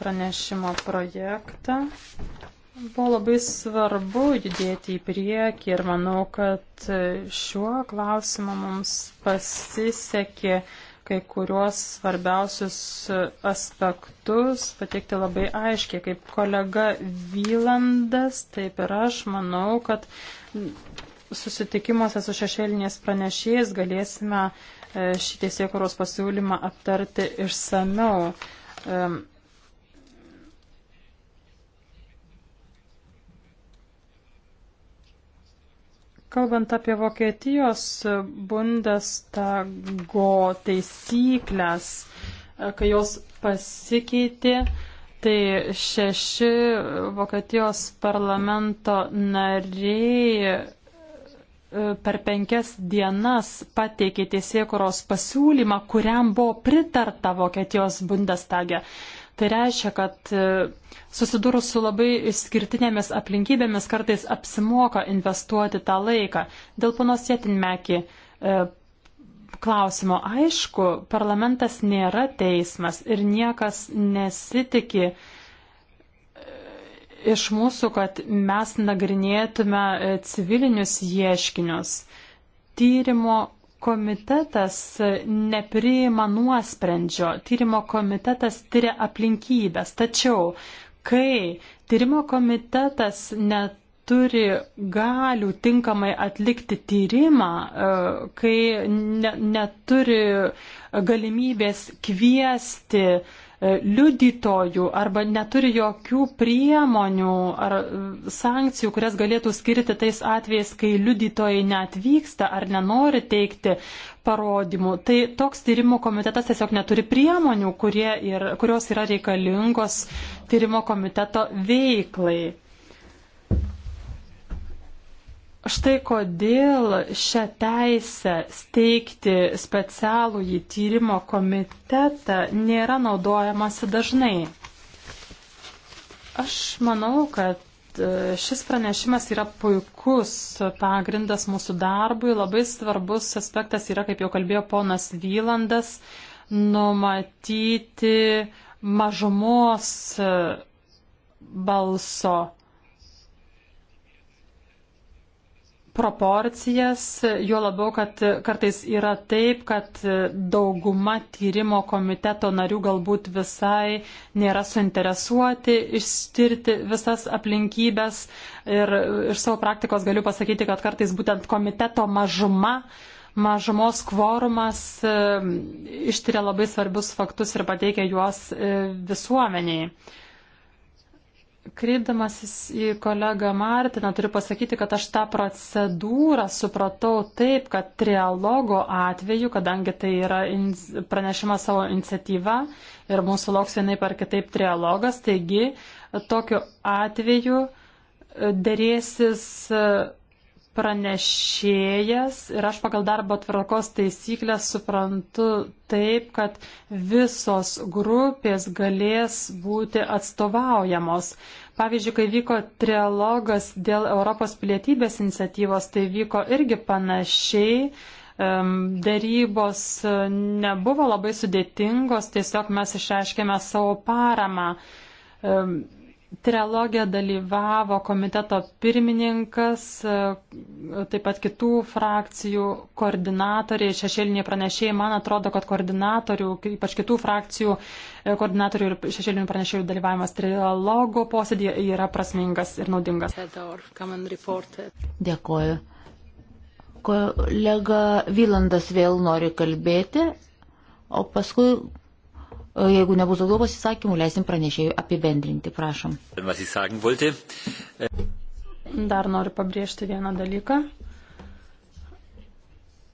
pranešimo projektą. Buvo labai svarbu judėti į priekį ir manau, kad šiuo klausimu mums pasisekė kai kuriuos svarbiausius aspektus pateikti labai aiškiai, kaip kolega Vylandas, taip ir aš manau, kad susitikimuose su šešėlinės pranešėjais galėsime e, šį teisėkuros pasiūlymą aptarti išsameu. Kalbant apie Vokietijos Bundestago taisyklės, e, kai jos pasikeitė, tai šeši Vokietijos parlamento nariai E, per penkias dienas pateikė teisėkuros pasiūlymą, kuriam buvo pritarta Vokietijos Bundestage. Tai reiškia, kad e, susidūrus su labai išskirtinėmis aplinkybėmis kartais apsimoka investuoti tą laiką. Dėl panos Jetinmekį e, klausimo aišku, parlamentas nėra teismas ir niekas nesitikė, iš mūsų, kad mes nagrinėtume e, civilinius ieškinius. Tyrimo komitetas e, nepriima nuosprendžio, tyrimo komitetas tyria aplinkybės. Tačiau, kai tyrimo komitetas net turi galių tinkamai atlikti tyrimą, e, kai ne, neturi galimybės kviesti uh, E, liudytojų arba neturi jokių priemonių ar e, sankcijų, kurias galėtų skirti tais atvejais, kai liudytojai neatvyksta ar nenori teikti parodymų. Tai toks tyrimo komitetas tiesiog neturi priemonių, ir, kurios yra reikalingos tyrimo komiteto veiklai. Štai kodėl šią teisę steigti specialų į tyrimo komitetą nėra naudojamasi dažnai. Aš manau, kad e, šis pranešimas yra puikus pagrindas mūsų darbui. Labai svarbus aspektas yra, kaip jau kalbėjo ponas Vylandas, numatyti mažumos e, balso proporcijas, juo labiau, kad kartais yra taip, kad dauguma tyrimo komiteto narių galbūt visai nėra suinteresuoti ištirti visas aplinkybės ir iš savo praktikos galiu pasakyti, kad kartais būtent komiteto mažuma mažumos kvorumas e, ištiria labai svarbius faktus ir pateikia juos e, visuomeniai. Kreipdamasis į kolegą Martiną, turiu pasakyti, kad aš tą procedūrą supratau taip, kad trialogo atveju, kadangi tai yra pranešima savo iniciatyva ir mūsų lauks vienai par kitaip trialogas, taigi tokiu atveju e, dėrėsis e, pranešėjas ir aš pagal darbo tvarkos taisyklės suprantu taip, kad visos grupės galės būti atstovaujamos. Pavyzdžiui, kai vyko trialogas dėl Europos pilietybės iniciatyvos, tai vyko irgi panašiai. Darybos nebuvo labai sudėtingos, tiesiog mes išreiškėme savo paramą Trilogė dalyvavo komiteto pirmininkas, taip pat kitų frakcijų koordinatoriai, šešėliniai pranešėjai. Man atrodo, kad koordinatorių, ypač kitų frakcijų e, koordinatorių ir šešėlinių pranešėjų dalyvavimas trilogo posėdėje yra prasmingas ir naudingas. Dėkoju. Kolega Vylandas vėl nori kalbėti, o paskui Jeigu nebus daugiau pasisakymų, leisim pranešėjų apibendrinti, prašom. Äh, Dar noriu pabrėžti vieną dalyką.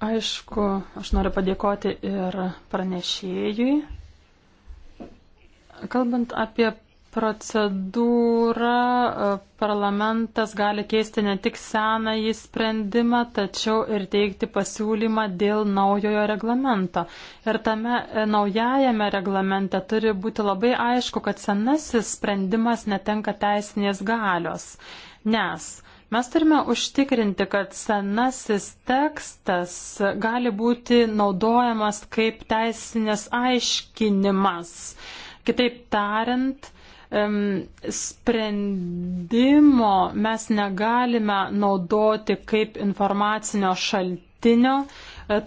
Aišku, aš noriu padėkoti ir pranešėjui. Kalbant apie procedūrą parlamentas gali keisti ne tik senąjį sprendimą, tačiau ir teikti pasiūlymą dėl naujojo reglamento. Ir tame e, naujajame reglamente turi būti labai aišku, kad senasis sprendimas netenka teisinės galios. Nes mes turime užtikrinti, kad senasis tekstas gali būti naudojamas kaip teisinės aiškinimas. Kitaip tariant, sprendimo mes negalime naudoti kaip informacinio šaltinio, e,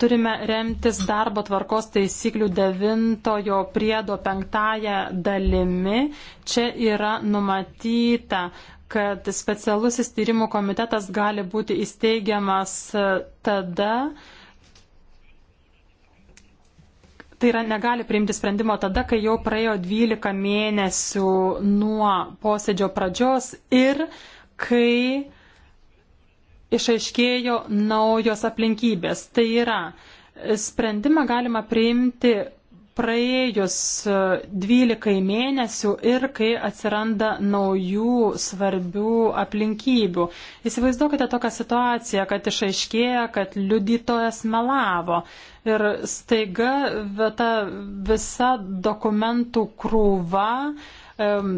turime remtis darbo tvarkos taisyklių devintojo priedo penktąją dalimi. Čia yra numatyta, kad specialusis tyrimų komitetas gali būti įsteigiamas e, tada, tai yra negali priimti sprendimo tada, kai jau praėjo 12 mėnesių nuo posėdžio pradžios ir kai išaiškėjo naujos aplinkybės. Tai yra, sprendimą galima priimti praėjus 12 e, mėnesių ir kai atsiranda naujų svarbių aplinkybių. Įsivaizduokite tokią situaciją, kad išaiškėja, kad liudytojas melavo ir staiga ta visa dokumentų krūva um,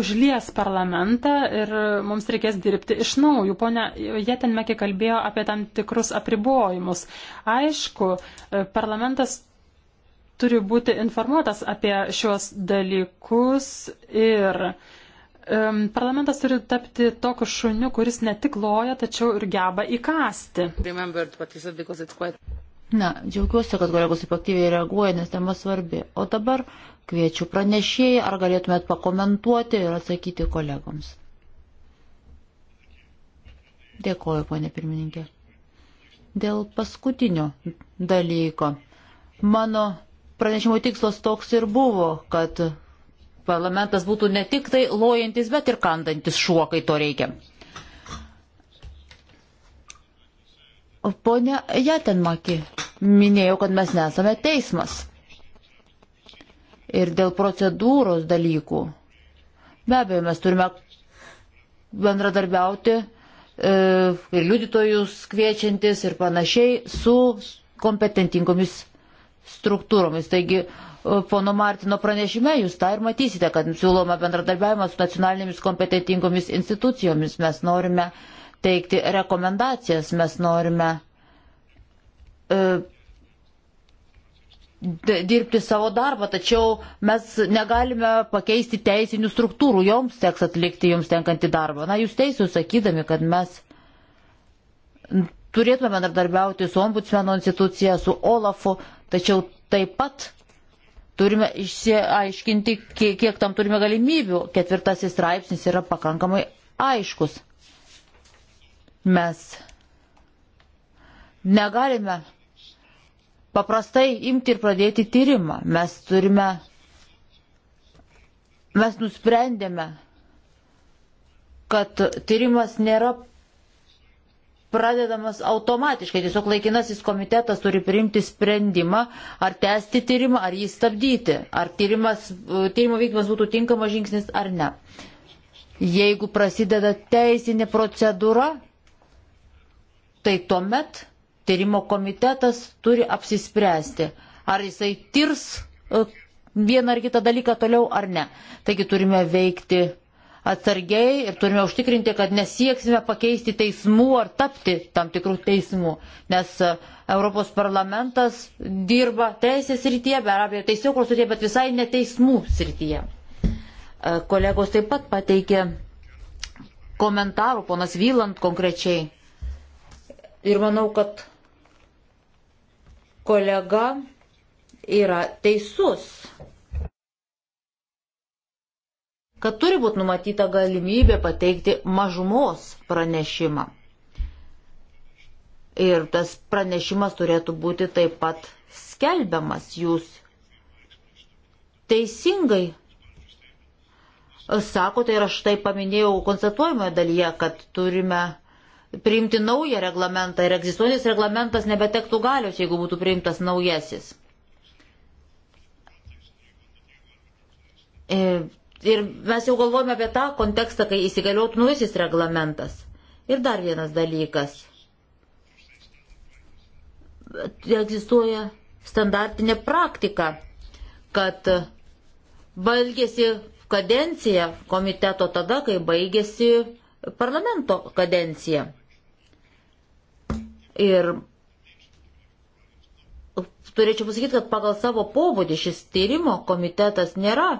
užlies parlamentą ir mums reikės dirbti iš naujo. Pone Jetenmekė kalbėjo apie tam tikrus apribojimus. Aišku, e, parlamentas turi būti informuotas apie šios dalykus ir um, parlamentas turi tapti tokiu šuniu, kuris ne tik loja, tačiau ir geba įkasti. Na, džiaugiuosi, kad kolegos taip aktyviai reaguoja, nes tema svarbi. O dabar kviečiu pranešėjai, ar galėtumėt pakomentuoti ir atsakyti kolegoms. Dėkoju, ponė pirmininkė. Dėl paskutinio dalyko. Mano Pranešimo tikslas toks ir buvo, kad parlamentas būtų ne tik tai lojantis, bet ir kandantis šuo, kai to reikia. Pone Jatenmaki minėjo, kad mes nesame teismas. Ir dėl procedūros dalykų. Be abejo, mes turime bendradarbiauti e, ir liudytojus kviečiantis ir panašiai su kompetentingomis struktūromis. Taigi, e, pono Martino pranešime jūs tą ir matysite, kad siūloma bendradarbiavimą su nacionalinėmis kompetentingomis institucijomis. Mes norime teikti rekomendacijas, mes norime e, dirbti savo darbą, tačiau mes negalime pakeisti teisinių struktūrų, joms teks atlikti jums tenkantį darbą. Na, jūs teisūs sakydami, kad mes turėtume bendradarbiauti su ombudsmeno institucija, su Olafu, Tačiau taip pat turime išsiaiškinti, kiek, kiek tam turime galimybių. Ketvirtasis straipsnis yra pakankamai aiškus. Mes negalime paprastai imti ir pradėti tyrimą. Mes turime, mes nusprendėme, kad tyrimas nėra pradedamas automatiškai. Tiesiog laikinasis komitetas turi priimti sprendimą, ar tęsti tyrimą, ar jį stabdyti, ar tyrimas, tyrimo vykdymas būtų tinkamas žingsnis ar ne. Jeigu prasideda teisinė procedūra, tai tuomet tyrimo komitetas turi apsispręsti, ar jisai tirs e, vieną ar kitą dalyką toliau ar ne. Taigi turime veikti atsargiai ir turime užtikrinti, kad nesieksime pakeisti teismų ar tapti tam tikrų teismų, nes e, Europos parlamentas dirba teisės rytyje, be abejo, teisėkros rytyje, bet visai ne teismų srityje. E, kolegos taip pat pateikė komentarų, ponas Vyland konkrečiai. Ir manau, kad kolega yra teisus kad turi būti numatyta galimybė pateikti mažumos pranešimą. Ir tas pranešimas turėtų būti taip pat skelbiamas. Jūs teisingai sakote ir aš tai paminėjau konstatuojamoje dalyje, kad turime priimti naują reglamentą ir egzistuojantis reglamentas nebetektų galios, jeigu būtų priimtas naujasis. E, Ir mes jau galvojame apie tą kontekstą, kai įsigaliotų naujasis reglamentas. Ir dar vienas dalykas. Egzistuoja standartinė praktika, kad baigėsi kadencija komiteto tada, kai baigėsi parlamento kadencija. Ir turėčiau pasakyti, kad pagal savo pobūdį šis tyrimo komitetas nėra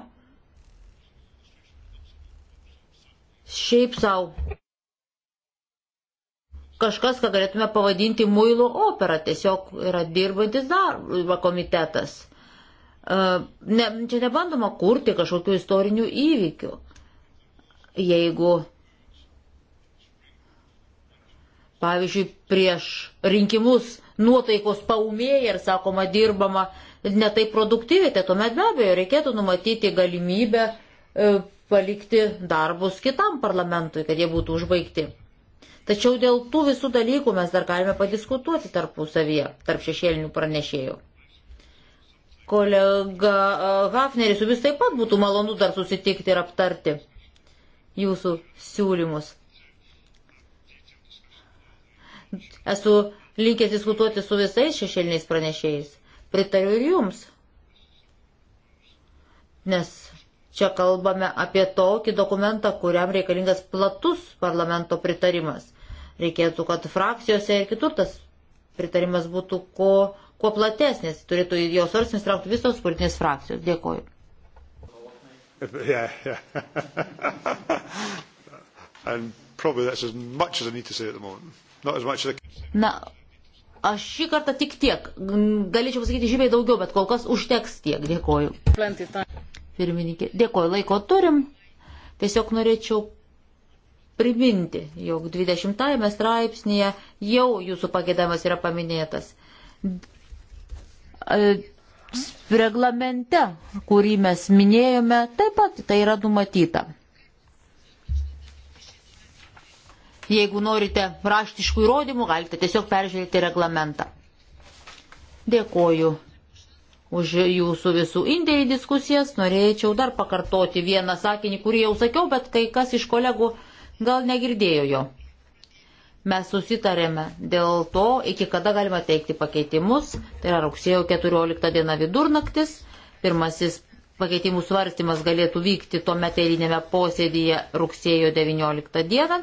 šiaip savo kažkas, ką galėtume pavadinti muilo opera, tiesiog yra dirbantis darbo komitetas. E, ne, čia nebandoma kurti kažkokių istorinių įvykių. Jeigu, pavyzdžiui, prieš rinkimus nuotaikos paumėja ir sakoma dirbama netai produktyviai, tai tuomet be abejo reikėtų numatyti galimybę e, palikti darbus kitam parlamentui, kad jie būtų užbaigti. Tačiau dėl tų visų dalykų mes dar galime padiskutuoti tarpusavyje, tarp šešėlinių pranešėjų. Kolega e, Hafneris, su vis taip pat būtų malonu dar susitikti ir aptarti jūsų siūlymus. Esu linkęs diskutuoti su visais šešėliniais pranešėjais. Pritariu ir jums. Nes Čia kalbame apie tokį dokumentą, kuriam reikalingas platus parlamento pritarimas. Reikėtų, kad frakcijose ir kitur tas pritarimas būtų kuo, kuo platesnis. Turėtų jo svarstymus traukti visos politinės frakcijos. Dėkoju. Yeah, yeah. And probably that's as much as I need to say at the moment. Not as much as I can. Na, aš šį kartą tik tiek. Galėčiau pasakyti žymiai daugiau, bet kol kas užteks tiek. Dėkoju pirmininkė. Dėkoju, laiko turim. Tiesiog norėčiau priminti, jog 20 straipsnėje jau jūsų pagėdamas yra paminėtas. E, reglamente, kurį mes minėjome, taip pat tai yra numatyta. Jeigu norite raštiškų įrodymų, galite tiesiog peržiūrėti reglamentą. Dėkoju už jūsų visų indėlį diskusijas. Norėčiau dar pakartoti vieną sakinį, kurį jau sakiau, bet kai kas iš kolegų gal negirdėjo jo. Mes susitarėme dėl to, iki kada galima teikti pakeitimus. Tai yra rugsėjo 14 diena vidurnaktis. Pirmasis pakeitimų svarstymas galėtų vykti tuo metelinėme posėdėje rugsėjo 19 dieną.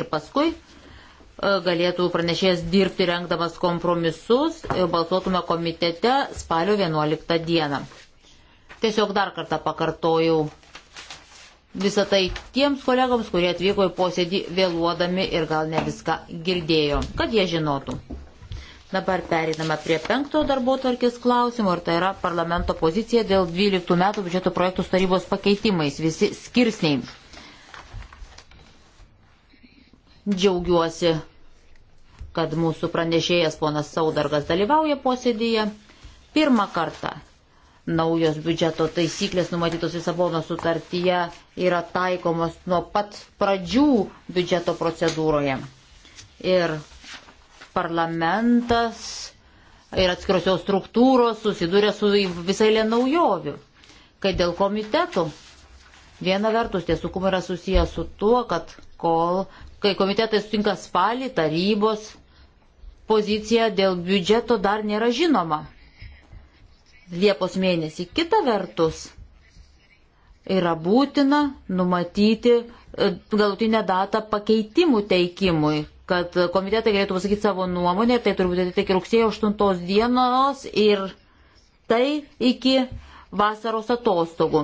Ir paskui galėtų pranešėjas dirbti rengdamas kompromisus ir balsuotume komitete spalio 11 dieną. Tiesiog dar kartą pakartojau visą tai tiems kolegams, kurie atvyko į posėdį vėluodami ir gal ne viską girdėjo, kad jie žinotų. Dabar pereiname prie penktojo darbo tvarkės klausimo ir tai yra parlamento pozicija dėl 12 metų biudžeto projektų tarybos pakeitimais, visi skirsniai. Džiaugiuosi kad mūsų pranešėjas ponas Saudargas dalyvauja posėdėje. Pirmą kartą naujos biudžeto taisyklės numatytos Lisabono sutartyje yra taikomos nuo pat pradžių biudžeto procedūroje. Ir parlamentas ir atskirosios struktūros susidūrė su visai lė naujovių. Kai dėl komitetų, viena vertus tie sukumai yra susijęs su tuo, kad kol, kai komitetai sutinka spalį, tarybos pozicija dėl biudžeto dar nėra žinoma. Liepos mėnesį. Kita vertus, yra būtina numatyti e, galutinę datą pakeitimų teikimui, kad komitetai galėtų pasakyti savo nuomonę, tai turbūt tik rugsėjo 8 dienos ir tai iki vasaros atostogų.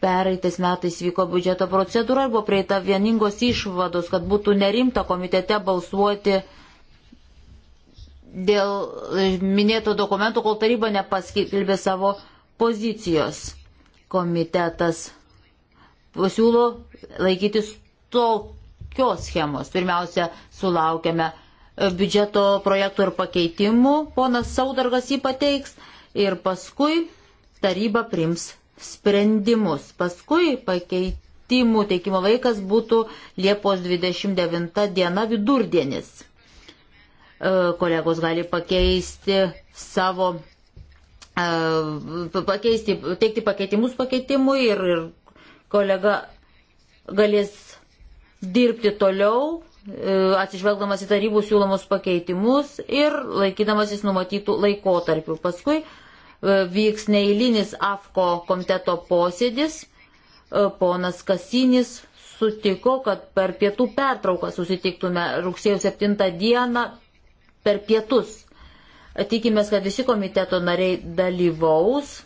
Pereitais metais vyko biudžeto procedūra ir buvo prieita vieningos išvados, kad būtų nerimta komitete balsuoti uh, dėl e, minėto dokumento, kol taryba nepaskelbė savo pozicijos. Komitetas siūlo laikytis tokios schemos. Pirmiausia, sulaukėme e, biudžeto projektų ir pakeitimų, ponas Saudargas jį pateiks ir paskui taryba prims sprendimus. Paskui pakeitimų teikimo laikas būtų Liepos 29 diena vidurdienis. E, kolegos gali pakeisti savo, e, pakeisti, teikti pakeitimus pakeitimui ir, ir kolega galės dirbti toliau, e, atsižvelgdamas į tarybų siūlomus pakeitimus ir laikydamasis numatytų laikotarpių. Paskui vyks neįlinis AFKO komiteto posėdis. Ponas Kasinis sutiko, kad per pietų pertrauką susitiktume rugsėjo 7 dieną per pietus. Tikimės, kad visi komiteto nariai dalyvaus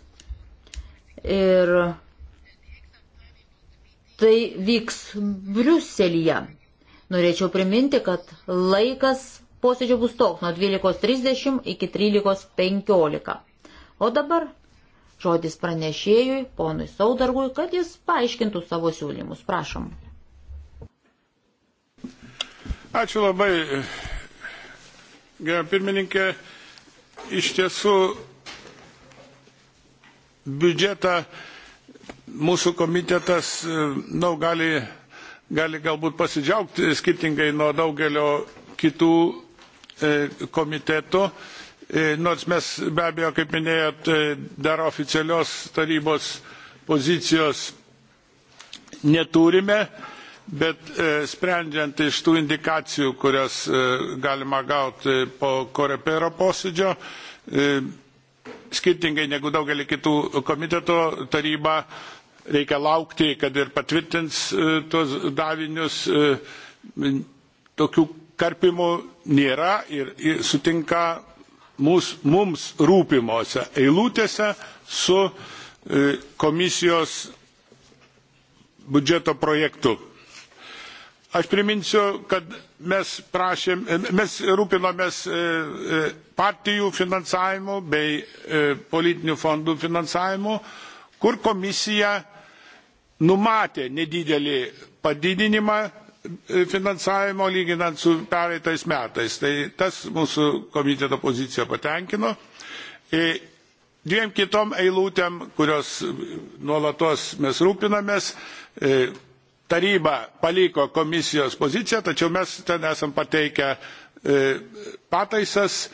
ir tai vyks Briuselyje. Norėčiau priminti, kad laikas posėdžio bus toks nuo 12.30 iki 13.15. O dabar žodis pranešėjui, ponui Saudargui, kad jis paaiškintų savo siūlymus. Prašom. Ačiū labai, Gerai, pirmininkė, iš tiesų biudžetą mūsų komitetas e, nu, gali, gali galbūt pasidžiaugti skirtingai nuo daugelio kitų e, komitetų. E, nors mes be abejo, kaip minėjot, dar oficialios tarybos pozicijos neturime bet e, sprendžiant iš tų indikacijų, kurias e, galima gauti po korepero posėdžio, e, skirtingai negu daugelį kitų komiteto taryba reikia laukti, kad ir patvirtins tuos davinius. Tokių karpimų nėra ir, ir sutinka mūs, mums rūpimuose eilutėse su komisijos biudžeto projektu Aš priminsiu, kad mes, prašėm, e, mes rūpinomės e, e, partijų finansavimu bei politinių fondų finansavimu, kur komisija numatė nedidelį padidinimą finansavimo lyginant su pereitais metais. Tai tas mūsų komiteto pozicija patenkino. Dviem kitom eilutėm, kurios nuolatos mes rūpinamės, taryba paliko komisijos poziciją, tačiau mes ten esam pateikę e, pataisas,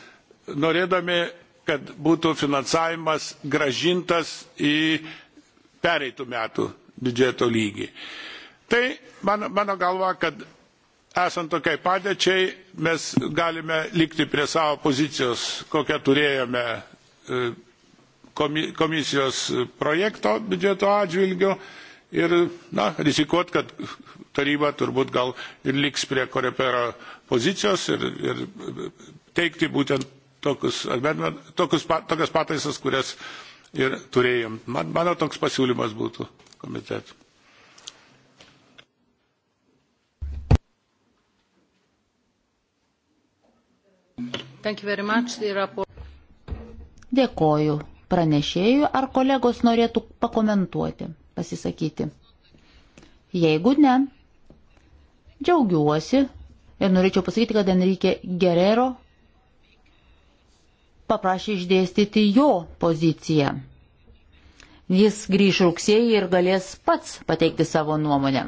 norėdami, kad būtų finansavimas gražintas į pereitų metų biudžeto lygį. Tai mano, mano galva, kad esant tokiai padėčiai mes galime likti prie savo pozicijos, kokią turėjome e, komisijos projekto biudžeto atžvilgiu Ir, na, rizikuot, kad taryba turbūt gal ir liks prie korepero pozicijos ir, ir teikti būtent tokius, tokius, tokias pataisas, kurias ir turėjom. Man, mano toks pasiūlymas būtų komitetui. Dėkoju. Pranešėjų ar kolegos norėtų pakomentuoti? pasisakyti? Jeigu ne, džiaugiuosi ir norėčiau pasakyti, kad Enrique Gerero paprašė išdėstyti jo poziciją. Jis grįž rugsėjį ir galės pats pateikti savo nuomonę.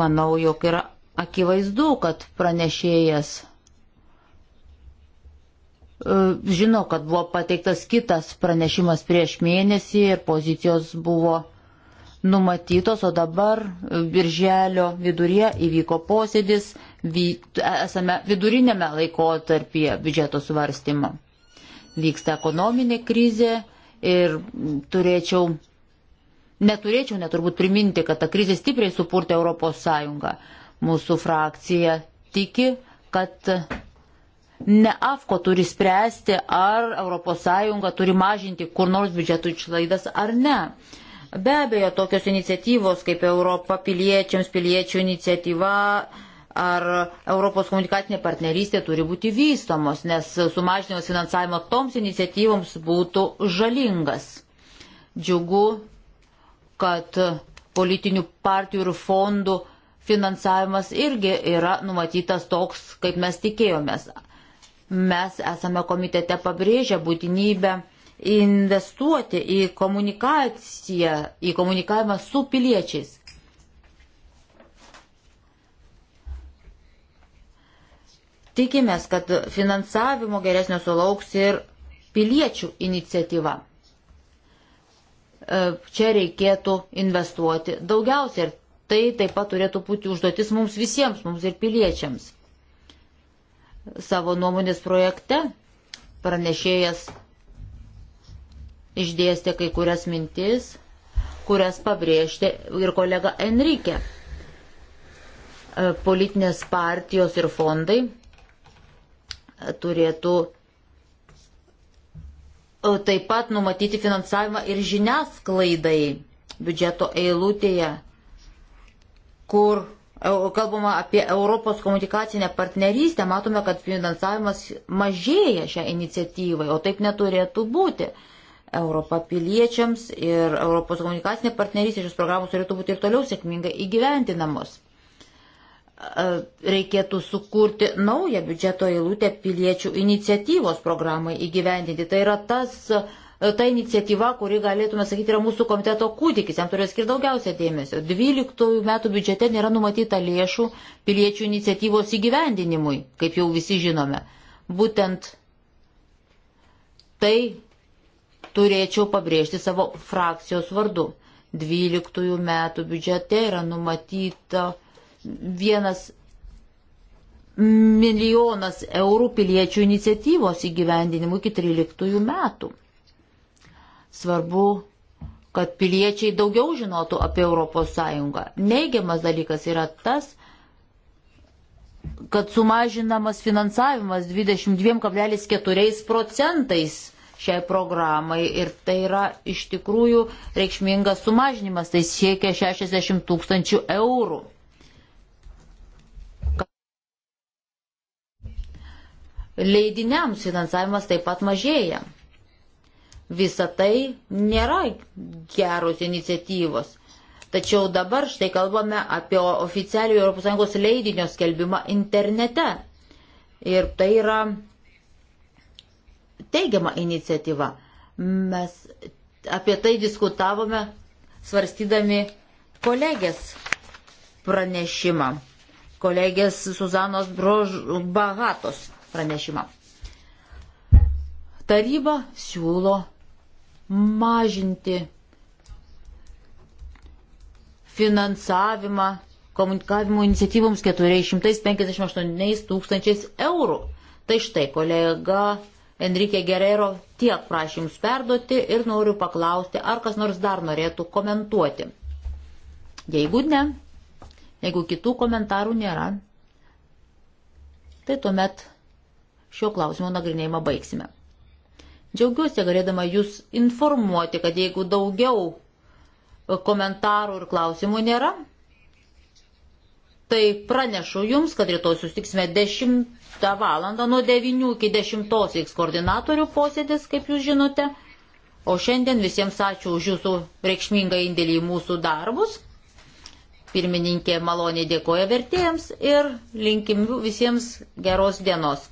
Manau, jog yra akivaizdu, kad pranešėjas E, žino, kad buvo pateiktas kitas pranešimas prieš mėnesį ir pozicijos buvo numatytos, o dabar birželio viduryje įvyko posėdis, vy, esame vidurinėme laikotarpyje biudžeto svarstymo. Vyksta ekonominė krizė ir turėčiau, neturėčiau neturbūt priminti, kad ta krizė stipriai supurtė Europos Sąjungą. Mūsų frakcija tiki, kad ne AFKO turi spręsti, ar ES turi mažinti kur nors biudžetų išlaidas ar ne. Be abejo, tokios iniciatyvos kaip Europa piliečiams, piliečių iniciatyva ar Europos komunikacinė partnerystė turi būti vystomos, nes sumažinimas finansavimo toms iniciatyvoms būtų žalingas. Džiugu, kad politinių partijų ir fondų finansavimas irgi yra numatytas toks, kaip mes tikėjomės. Mes esame komitete pabrėžę būtinybę investuoti į komunikaciją, į komunikavimą su piliečiais. Tikimės, kad finansavimo geresnio sulauks ir piliečių iniciatyva. E, čia reikėtų investuoti daugiausiai ir tai taip pat turėtų būti užduotis mums visiems, mums ir piliečiams savo nuomonės projekte pranešėjas išdėstė kai kurias mintis, kurias pabrėžti ir kolega Enrique. E, politinės partijos ir fondai turėtų e, taip pat numatyti finansavimą ir žiniasklaidai biudžeto eilutėje, kur kalbama apie Europos komunikacinę partnerystę, matome, kad finansavimas mažėja šią iniciatyvą, o taip neturėtų būti. Europa piliečiams ir Europos komunikacinė partnerystė šios programos turėtų būti ir toliau sėkmingai įgyventinamos reikėtų sukurti naują biudžeto eilutę piliečių iniciatyvos programai įgyvendinti. Tai yra tas E, ta iniciatyva, kuri galėtume sakyti yra mūsų komiteto kūdikis, jam turės skirti daugiausia dėmesio. 12 metų biudžete nėra numatyta lėšų piliečių iniciatyvos įgyvendinimui, kaip jau visi žinome. Būtent tai turėčiau pabrėžti savo frakcijos vardu. 12 metų biudžete yra numatyta vienas milijonas eurų piliečių iniciatyvos įgyvendinimui iki 13 metų. Svarbu, kad piliečiai daugiau žinotų apie ES. Neigiamas dalykas yra tas, kad sumažinamas finansavimas 22,4 procentais šiai programai ir tai yra iš tikrųjų reikšmingas sumažinimas, tai siekia 60 tūkstančių eurų. Leidiniams finansavimas taip pat mažėja. Visa tai nėra geros iniciatyvos. Tačiau dabar štai kalbame apie oficialių ES leidinio skelbimą internete. Ir tai yra teigiama iniciatyva. Mes apie tai diskutavome svarstydami kolegės pranešimą, kolegės Suzanos Brožbahatos pranešimą. Taryba siūlo mažinti finansavimą komunikavimo iniciatyvoms 458 tūkstančiais eurų. Tai štai kolega Enrique Gerero tiek prašymus perduoti ir noriu paklausti, ar kas nors dar norėtų komentuoti. Jeigu ne, jeigu kitų komentarų nėra, tai tuomet šio klausimo nagrinėjimą baigsime. Džiaugiuosi galėdama jūs informuoti, kad jeigu daugiau komentarų ir klausimų nėra, tai pranešu jums, kad rytoj sustiksime 10 valandą nuo 9 iki 10 vyks koordinatorių posėdis, kaip jūs žinote. O šiandien visiems ačiū už jūsų reikšmingą indėlį į mūsų darbus. Pirmininkė maloniai dėkoja vertėjams ir linkim visiems geros dienos.